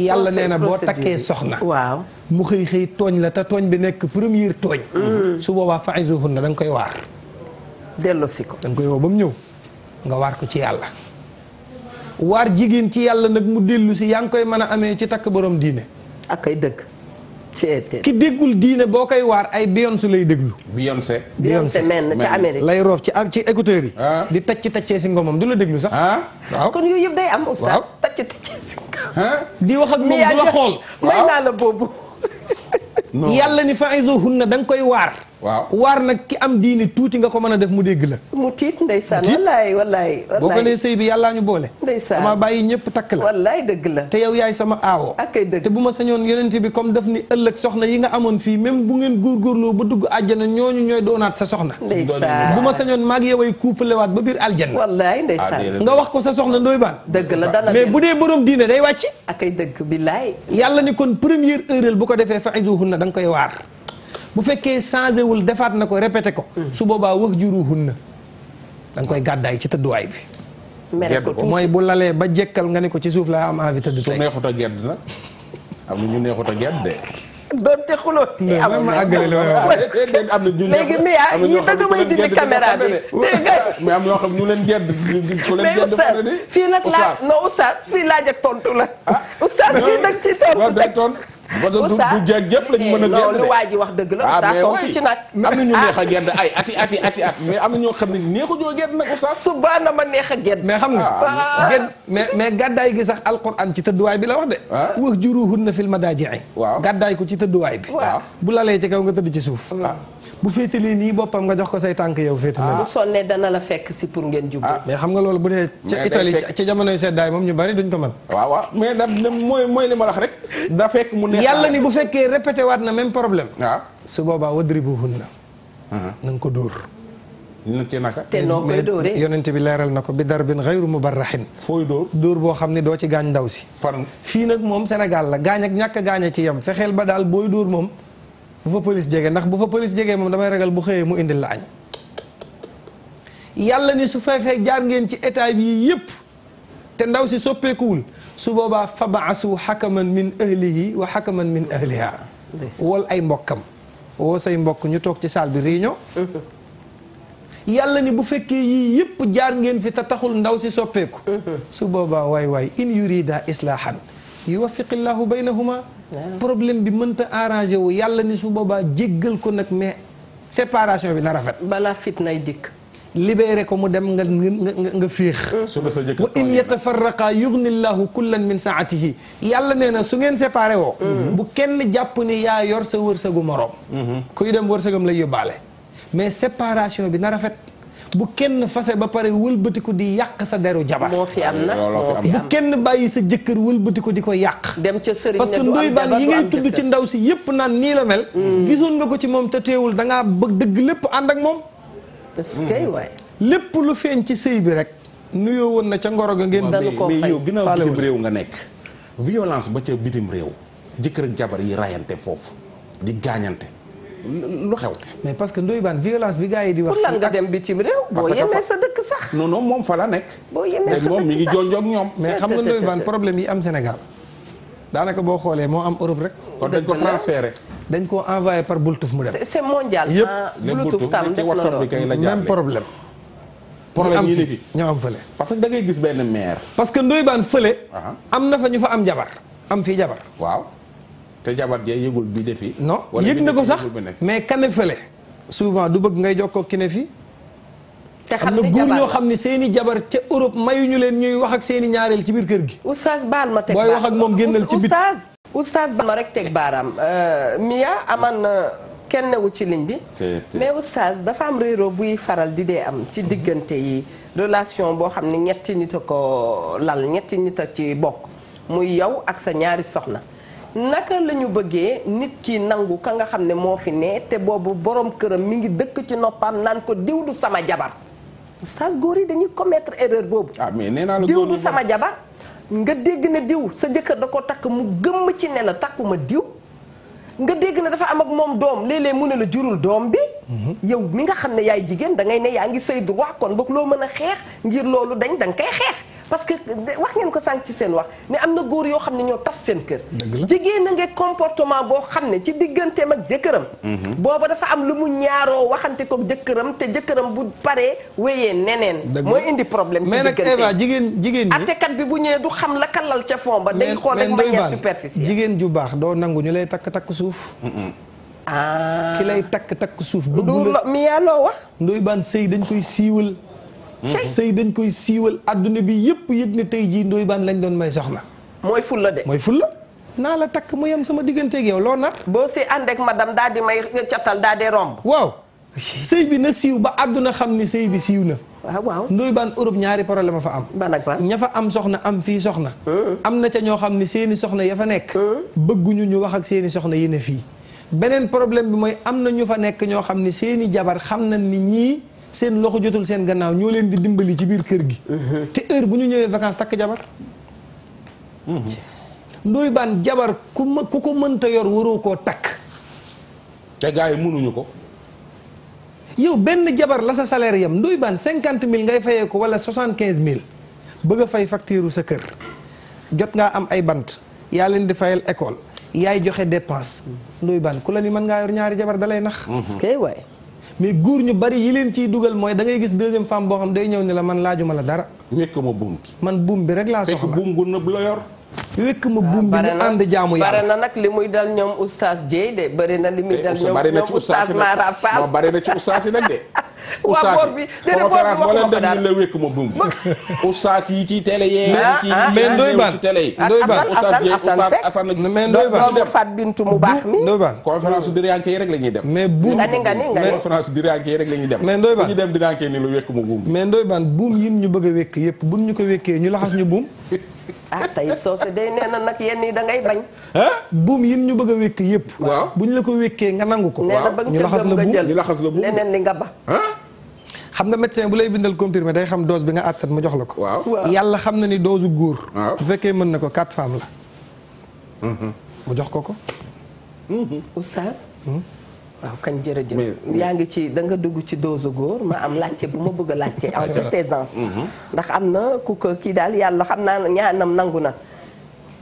yàlla nee na boo takkee soxna waaw mu xëy xëy tooñ la ta tooñ bi nekk première tooñ mm. su boobaa faizuhunna da nga koy waar delloosi ko da koy woo ba mu ñëw nga waar ko ci yàlla waar jigéen ci yàlla nag mu dellu si yaa ngi koy mën a amee ci takk borom diine ak ki déggul diine boo koy waar ay Beyoncé lay déglu. Beyoncé. Beyoncé men ca Amérique. lay roof ci am ci écouteurs yi. Ah. di tacc taccee si moom du la déglu sax. Ah. waaw kon yooyu yëpp day am. waaw tacc taccee si ngomam. Ah. di wax ak moom du la xool. may naa la boobu. yàlla ni fa ay hunna da nga koy waar. waaw waar nag ki am diini tuuti nga ko mën a def mu dégg la. mu tiit ndeysaan wallaay wallaay wallaay boo ko nee sëy bi yàllaa ñu boole. ndeysaan dama bàyyi ñëpp takk la. wallaay dëgg la te yow yaay sama aawoo. ak kay bu ma sañoon yonent bi comme daf ni ëllëg soxna yi nga amoon fii même bu ngeen góorgóorloo ba dugg àjjana ñooñu ñooy doonaat sa soxna. ndeysaan bu ma sañoon maag yow ay waat ba biir aljanna. wallaay ndeysaan nga wax ko sa soxna ndoy baan. dëgg la dala mais bu dee borom day wàcc. ak dëgg billaay. yàlla ni kon première heure bu ko defee fa fa'izuhunna da nga koy waar bu fekkee changé wul defaat na ko répété ko. Mm. su boobaa wax juruhun na. da koy gàddaay ci tëdduwaay bi. gedd ko mooy bu lalee ba jekkal nga ne ko ci suuf laa am envie tëdd tey. su neexut a gedd nag a gedd am na ñu léegi mi ah yi dëgg may dindi caméra bi. mais am na ñoo xam ñu leen gedd. ku fii nag laa non oustaz tontu la. ah fii nag ci tontu. Moussa du jeeg yëpp lañ eh, mën a. non waa ji wax dëgg la. ah mais waay ci nag. am na ñu neex a gedd ay ati ati ati at mais am na ñoo xam ne neexuñoo gedd nag Moussa. subaa na ma neex a gedd. mais xam nga ah. gedd mais mais gàddaay gi sax alquran ci tëdduwaay bi la wax de. waaw ah. wax juruhunna fil madaaji'i. waaw gàddaay ko ci tëdduwaay bi. waaw bu lalee ci kaw nga tëdd ci suuf. Ah. bu féetalee nii boppam nga jox ko say tànk yow féetalee. Ah. bu sonnee dana la fekk si pour ngeen jublu. Ah, mais xam nga loolu bu dee. ca Italie ca jamonoy seddaay moom ñu bari duñ ko mën. waaw waaw mais da mooy mooy li ma wax rek. da fekk mu ne. yàlla ni bu fekkee répété waat na même problème. waaw ah. su boobaa wadribuhunna. Mhm. na nga ko dóor. te noo koy dóoree yonent bi leeral na ko bi darbin xayru mubarrahin fooy dóor dóor boo xam ne doo ci gaañ ndaw si fan fii nag moom Sénégal la gaañak ñàkk gaañ ci yam fexeel ba daal booy dóor moom bu fa police jege ndax bu fa police jege moom damay ragal bu xëyee mu indil la añ yàlla ni su feefee jaar ngeen ci état bi yëpp te ndaw si soppeekuwul su boobaa fabaasu xakaman min ahlihi wa xakaman min ahliha wol ay mbokkam woo say mbokk ñu toog ci salle bi réunion yàlla ni bu fekkee yii yëpp jaar ngeen fi te taxul ndaw si soppeeku su boobaa waay waay in yurida islaahan yuwaffiqillaahu baynahuma problème bi mënta arrangé wu yàlla ni su boobaa jéggal ko nag mais separation bi na rafet. bala balaa fitnay dikk. libéré ko mu dem nga nga nga féex. Mm. wa in yatafarraqa yughnillahu kullan min saatihi yàlla nee na su ngeen séparé woo. Mm. Mm-hmm. bu kenn jàpp ni yaa yor sa wërsëgu moroom. Mm-hmm. kuy dem wërsëgam lay yóbbaale. mais séparation bi na rafet. bu kenn fase ba pare wëlbatiku di yàq sa deru jabar. moo fi am na bu kenn bàyyi sa jëkkër wëlbatiku di ko yàq. dem ca sëriñ parce que ndoy baan yi ngay tudd ci ndaw si yépp naan nii la mel. Mm. gisoon nga ko ci moom te teewul da ngaa bëgg dëgg lépp ànd ak moom. Mm. lépp lu feeñ ci sëy bi rek. nuyoo woon na ca ngoro ga ngeen. mais yow ginnaaw bitim réew nga nekk. violence ba ca bitim réew. jëkkër ak jabar yi rayante foofu di gaañante. lu xew. mais parce que Ndoye Bane violence bi gars yi di wax. pour lan nga dem bitim réew. boo yemee sa dëkk sax. non moom fa la nekk. boo yemee sa dëkk sax ñoom. mais xam nga Ndoye Bane problème yi am Sénégal daanaka boo xoolee moo am Europe rek. kon dañ ko transféré. dañ ko envoyé par Bluetooth mu dem. c'est mondial. yëpp Bluetooth tam def la lool même problème. problème yi fi ñu am fële. parce que da ngay gis benn maire. parce que Ndoye Bane fële. am na fa ñu fa am jabar am fii jabar waaw te jabar jee yëgul bi defi. non yëg na ko sax mais kane fële souvent du bëgg ngay jox jokkoo ki ne fi te xam na góor ñoo xam ne seen i jabar ca Europe ñu leen ñuy wax ak seen i ñaareel ci biir kër gi. oustaz baal ma teg booy ak moom génnal ci bit oustaz baal ma rek teg baaraam euh, Mia aman kenn newu ci ligne bi. mais dafa am réeroo buy faral di dee am ci diggante yi relation boo xam ne ñetti nit a ko lal ñetti nit a ci bokk muy yow ak sa ñaari soxna. naka lañu bëggee nit ki nangu ka nga xam ne moo fi ne te boobu boroom këram mi ngi dëkk ci noppam naan ko diw du sama jabar oustaz góor yi dañuy commettre erreur boobu. ah mais nee naa la diw du sama jabar. nga dégg ne diw sa jëkkër da ko takk mu gëmm ci ne la takkuma diw. nga dégg ne dafa am ak moom doom léeg mu ne la jurul doom bi. Mhm. yow mi nga xam ne yaay jigéen da ngay ne yaa ngi say droit kon boog loo mën a xeex ngir loolu dañ da nga xeex. parce que wax ngeen ko sànq ci seen wax ne am na góor yoo xam ne ñoo tas seen kër jigéen a nge comportement boo xam ne ci digganteem ak jëkkëram mhm. booba dafa am lu mu ñaaroo waxante ko jëkkëram te jëkkëram bu paree wéyee neneen mooy indi problème mais nag Eva jigéen jigéen ñi attekat bi bu ñëwee du xam la kalal ca fond ba day xool rek manière superficielle jigéen ju baax doo nangu ñu lay takk takk suuf ki lay ah. takk takk suuf bëgg la mi yaa loo wax ndoy baan sëy dañ koy siiwal sëy dañ koy siiwal àdduna bi yëpp yëg ne tey jii ndoy lañ doon may soxna. mooy fulla de mooy fulla naa la takk mu yem sama digganteeg yow loo nar. boo see ànd ak madame daal di may catal daal di romb. waaw sëy bi na siiw ba adduna xam ni sëy bi siiw na. Ah, waaw waaw Europe ñaari problème a fa am. ban ña fa am soxna am fii soxna. Hmm. am na ca ñoo xam ni seeni soxna ya fa nekk. Hmm. bëgguñu ñu wax ak seeni soxna yi ne fii. beneen problème bi mooy am na ñu fa nekk ñoo xam ni seeni jabar xam nañ ni ñii. seen loxo jotul seen gannaaw ñoo leen di dimbali ci biir kër gi. Mhm. te heure bu ñu ñëwee vacances takk jabar. Mhm. ndoy baan jabar ku ma ku ko mënta yor waroo koo takk. te gars yi mënuñu ko. yow benn jabar la sa salaire yam baan cinquante mille ngay fayee ko wala soixante quinze mille bëgg a fay facture sa kër jot ngaa am ay bant yaa leen di fayal école yaay joxe dépense mhm. ndoy baan ku la ni mën ngaa yor ñaari jabar da nax. kay waay. mais góor ñu bari yi leen ciy dugal mooy da ngay gis deuxième femme boo xam day ñëw ni la man laajuma la dara. wekk ma buum man buum bi rek laa soxla fekk buum gu nëb la yor. wékk ma ah, buum bi mu ànd jaamu yàlla bare na nag li muy dal ñoom oustaz Dieye de bare na li muy eh, dal ñoom oustaz Mara Fall bare na ci oustaz yi nag de waa boor bi ma buum oustaz yi ci télé yee mais ndoy baan ndoy baax mi ndoy baan conférence du yi la ñuy dem mais buum nga ni nga ni nga conférence du diriyànke yi rek la ñuy dem ndoy baan ñu la mais ndoy baan buum yi ñu bëgg a wékk yëpp buñ ñu ko wékkee ñu laxas ñu buum ah tayit soose day nee na nag yenn yi da ngay bañ. buum yi ñu bëgg a wékk yëpp. waaw bu ñu la ko wékkee nga nangu ko. waaw ñu laxas la buum ñu laxas la buum leneen li nga ba. xam nga médecin bu lay bindal comprimé day xam dose bi nga àttan mu jox la ko. waaw yàlla xam na ni dose góor. bu fekkee mën na ko quatre femmes la. Mm-hmm. mu jox ko ko. waaw kañ jërëjëf yaa ngi ci danga dugg ci dose góor ma am laajte bu ma bëgg a laajte en toute aisance mhm. ndax am na ku ko kii daal yàlla xam naa ñaanam nangu na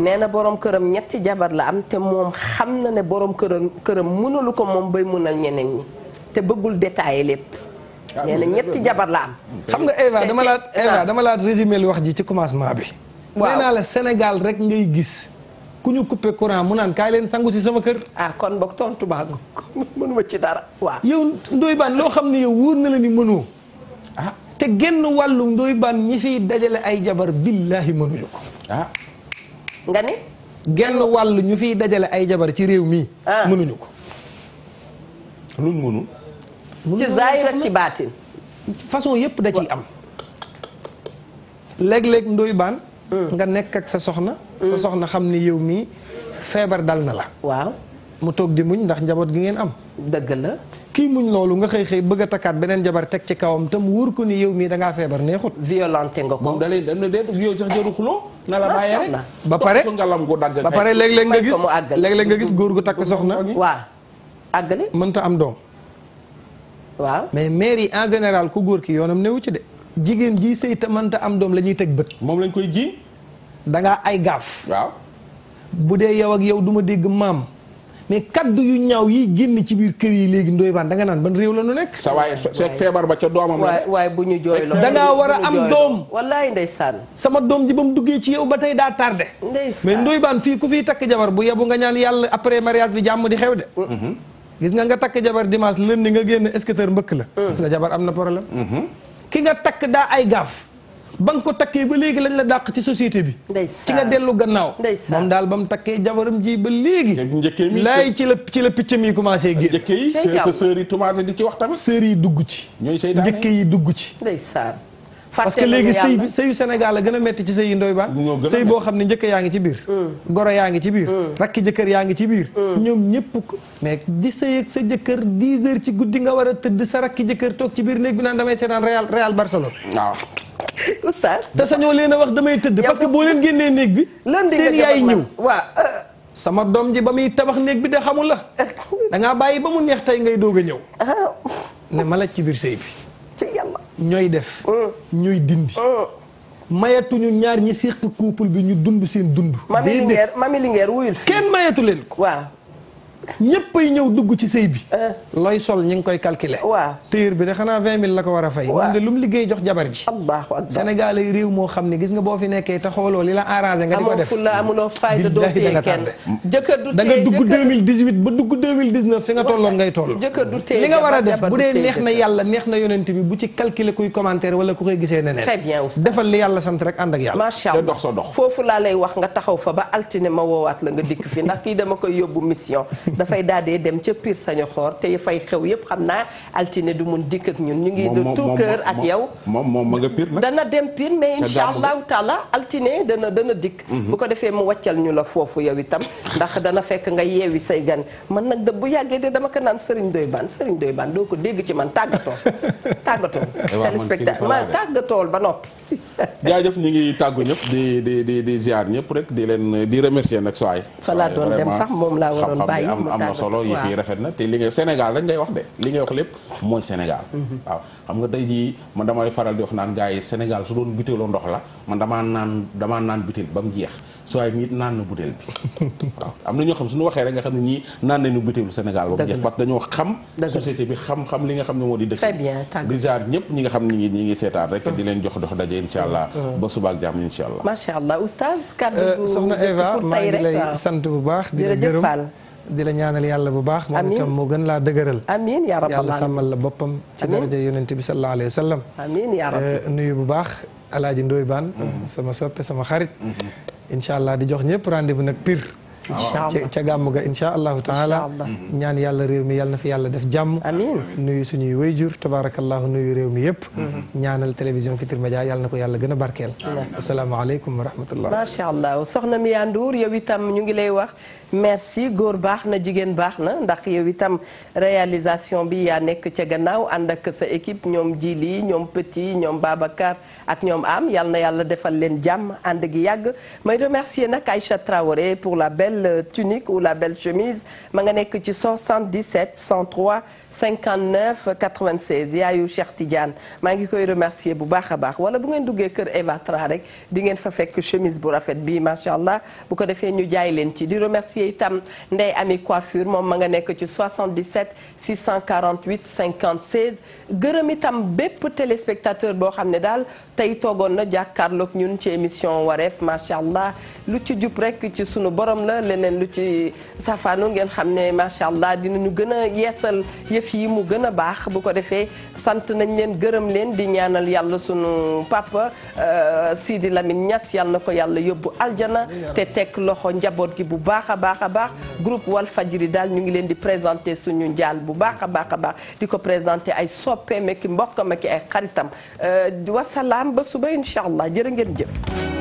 nee na borom këram ñetti jabar la am te moom xam na ne borom këram këram mënalu ko moom bay mënal ñeneen ñi te bëggul détailler lépp ah, nee na ñetti jabar la am xam nga Eva dama laa Eva dama laa résumer lu wax ji ci commencement bi nee la Sénégal rek ngay gis ku ñu coupé courant mu naan kaay leen sangu si sama kër. ah kon boog tontu baa ci dara waaw. yow Ndoye Bane loo xam ne yow wóor na la ni mënoo ah. te genn wàllu Ndoye Bane ñi fiy dajale ay jabar billaahi mënuñu ko ah. nga ni. genn wàll ñu fiy dajale ay jabar ci réew mi. Ah. mënuñu ko. luñ mënul. ci zaahir façon yëpp da ciy am. léeg-léeg Ndoye Bane nga nekk ak sa soxna. sa mm. soxna xam ni yow mii feebar dal na la. waaw mu toog di muñ ndax njaboot gi ngeen am. dëgg la. kii muñ loolu nga xëy xëy bëgg a takkaat beneen jabar teg ci kawam tam wóor ko ni yow mii da ngaa feebar neexut. violenté nga ko moom da lay da lay yow sax jarul xuloo na la ah, bàyyi rek ba pare ba pare léeg-léeg nga gis léeg-léeg nga gis góor gu takk soxna. waaw àggale. mënta am doom. waaw mais mère en général ku góor ki yoonam newu ci de. jigéen ji sëy te mënta am doom la ñuy teg bët. moom lañ koy jii da ngaa ay gaaf. waaw bu dee yaw ak yaw du ma dégg maam. mais kaddu yu ñaaw yi génn ci biir kër yi léegi ndoy baan da nga naan ban réew la nu nekk. sa waay seet feebar ba ca doomam. waay waay bu ñu jooyloo da ngaa war a am doom. wallaay ndeysaan. sama doom ji ba mu duggee ci yow ba tey daa tardé. mais ndoy baan fii ku fiy takk jabar bu yebu nga ñaan yàlla après mariage bi jàmm di xew de. Mm-hmm. gis nga nga takk jabar dimanche lundi nga génn est-ce mbëkk la. Mm. gis nga am na problème. Mm-hmm. ki nga takk daa ay gaaf ba nga ko takkee ba léegi lañ la dàq ci société bi ci nga dellu gannaaw moom daal ba mu takkee jabaram ji ba léegi laay ci la ci la picc mi commencé génn njëkke yi sœur yi commencé di ci wax tamit yi dugg ci njëkke yi dugg ci ndeysaan parce que léegi sëy bi sëyu Sénégal a gën a métti ci sëy yi ndoy baa sëy boo xam ne njëkk yaa ngi ci biir mm. goro yaa ngi ci biir mm. rakki jëkkër yaa ngi ci biir mm. ñoom ñëpp ko mais di sëy ak sa jëkkër 10 heures ci guddi nga war a tëdd sa rakki jëkkër toog ci biir néeg bi naan damay seetaan Real Real Barcelone waaw oustaz te sañoo leen a wax damay tëdd parce que boo leen génnee néeg bi seen yaay ñëw waaw euh. sama doom ji ba muy tabax néeg bi de xamul la da ngaa bàyyi ba mu neex tey ngay doog a ñëw ah. ne ci biir sëy bi ñooy def. Ah. ñooy dindi. Ah. mayatuñu ñaar ñi seq couple bi ñu dund seen dund. mami Linguère mami Linguère wuyul fi kenn mayetu leen ko waaw. ñëppay ñëw dugg ci sëy bi. Eh. looy sol ñu ngi koy calculer. waaw téyër bi de xanaa vingt mille la ko war a fay. waaw moom de lu mu liggéey jox jabar ji. allahu akbar Sénégal ay réew moo xam ne gis nga boo fi nekkee te xooloo li la arrangé nga di ko def. amoo fulla amuloo fayda doo téye kenn jëkkër du téye da nga dugg deux mille dix huit ba dugg deux mille dix neuf fi nga tolloon ngay toll. jëkkër du téye li nga war a def bu dee neex na yàlla neex na yonent bi bu ci wala ku koy gisee neneen. très bien oustaz defal li yàlla sant rek ànd ak yàlla. macha allah te dox sa dox laa lay wax nga taxaw fa ba altine ma woowaat la nga dikk fi ndax kii dama koy yóbbu mission dafay daal di dem ca piir sañu Sañoxoor te fay xew yëpp xam naa altine du mun dikk ak ñun. ñu ngi de tout cœur ak yow. moom moom ma nga dana dem Pire mais incha allahu taala altine dana dana dikk. Mhm. bu ko defee mu wàccal ñu la foofu yow itam ndax dana fekk nga yeewi say gan man nag da bu yàggee de dama ko naan Serigne Doy Baan Serigne Doy Baan doo ko dégg ci man tàggatoo tàggatoo. Eh téléspectateur ma tàggatool ba noppi. jaajëf ñu ngi tàggu ñëpp di di di di ziar di leen di remercier nag sooy. fa laa doon dem sax moom na te li ngay Sénégal rek ngay wax de li ngay wax lépp mooy Sénégal. Mhm. waaw xam nga tey jii man damay faral di wax naan gars yi su doon butéelu ndox la man damaa naan damaa naan butéel ba mu jeex sooy mi it naan na butéel bi na ñoo xam suñu waxee rek nga xam ne bi xam-xam li nga xam ne moo di dëkk di ziar ñëpp ñi nga xam ne ñi ngi seetaan rek ah. di leen jox dox daje liggéey incha allah. Mm. ba suba ak jàmm incha allah. macha allah oustaz kàddu euh, soxna Eva maa ngi lay sant bu baax. di la gërëm di la ñaanal yàlla bu baax. amiin moom itam mu laa dëgëral. yàlla sàmmal la boppam. ci daraja yonent bi sallallahu alayhi wa sallam. amiin yaa rabbi euh, nuyu bu baax Alaaji Ndoye Baan mm-hmm. sama soppe sama xarit. Mm-hmm. incha allah di jox ñëpp rendez-vous nag pire. Ah, ca gàmm ga incha allahu taala mm-hmm. ñaan yàlla réew mi yàlla na fi yàlla def jàmm nuyu suñuy wayjur tabarakallahu nuyu réew mi yëpp mm-hmm. ñaanal télévision Futurs Médias yàlla na ko yàlla gën a barkeel asalaamaaleykum wa rahmatullah macha allah soxna Mia Ndour yow itam ñu ngi lay wax merci góor baax na jigéen baax na ndax yow itam réalisation bi yaa nekk ca gannaaw ànd ak sa équipe ñoom Jili ñoom Petit ñoom Babacar ak ñoom am yàlla na yàlla defal leen jàmm ànd gi yàgg may remercier nag Aïcha Traoré pour belle euh, tunique ou la belle chemise ma nga nekk ci 77 103 59 96 yaayu Cheikh Tidiane maa ngi koy remercier bu baax a baax wala bu ngeen duggee kër Eva rek di ngeen fa fekk chemise bu rafet bi macha allah bu ko defee ñu jaay leen ci di remercier itam ndey Ami Coiffure moom ma nga nekk ci 77 648 56 gërëm itam bépp téléspectateur boo xam ne daal tey toogoon na jàkkaarloog ñun ci émission wareef macha allah lu ci jub rek ci sunu borom la. leneen lu ci safaanoon ngeen xam ne macha allah dinañu gën a yeesal yëf yi mu gën a baax bu ko defee sant nañ leen gërëm leen di ñaanal yàlla suñu sunu papa euh, Sidi Lamine ñas yàlla na ko yàlla yóbbu aljana te teg loxo njaboot gi bu baax a baax a baax groupe Walfadjri daal ñu ngi leen di présenté suñu njaal bu baax a baax a baax di ko présenté ay soppeem ak mbokk am ak ay xaritam euh, wasalaam ba suba incha allah jërë ngeen jëf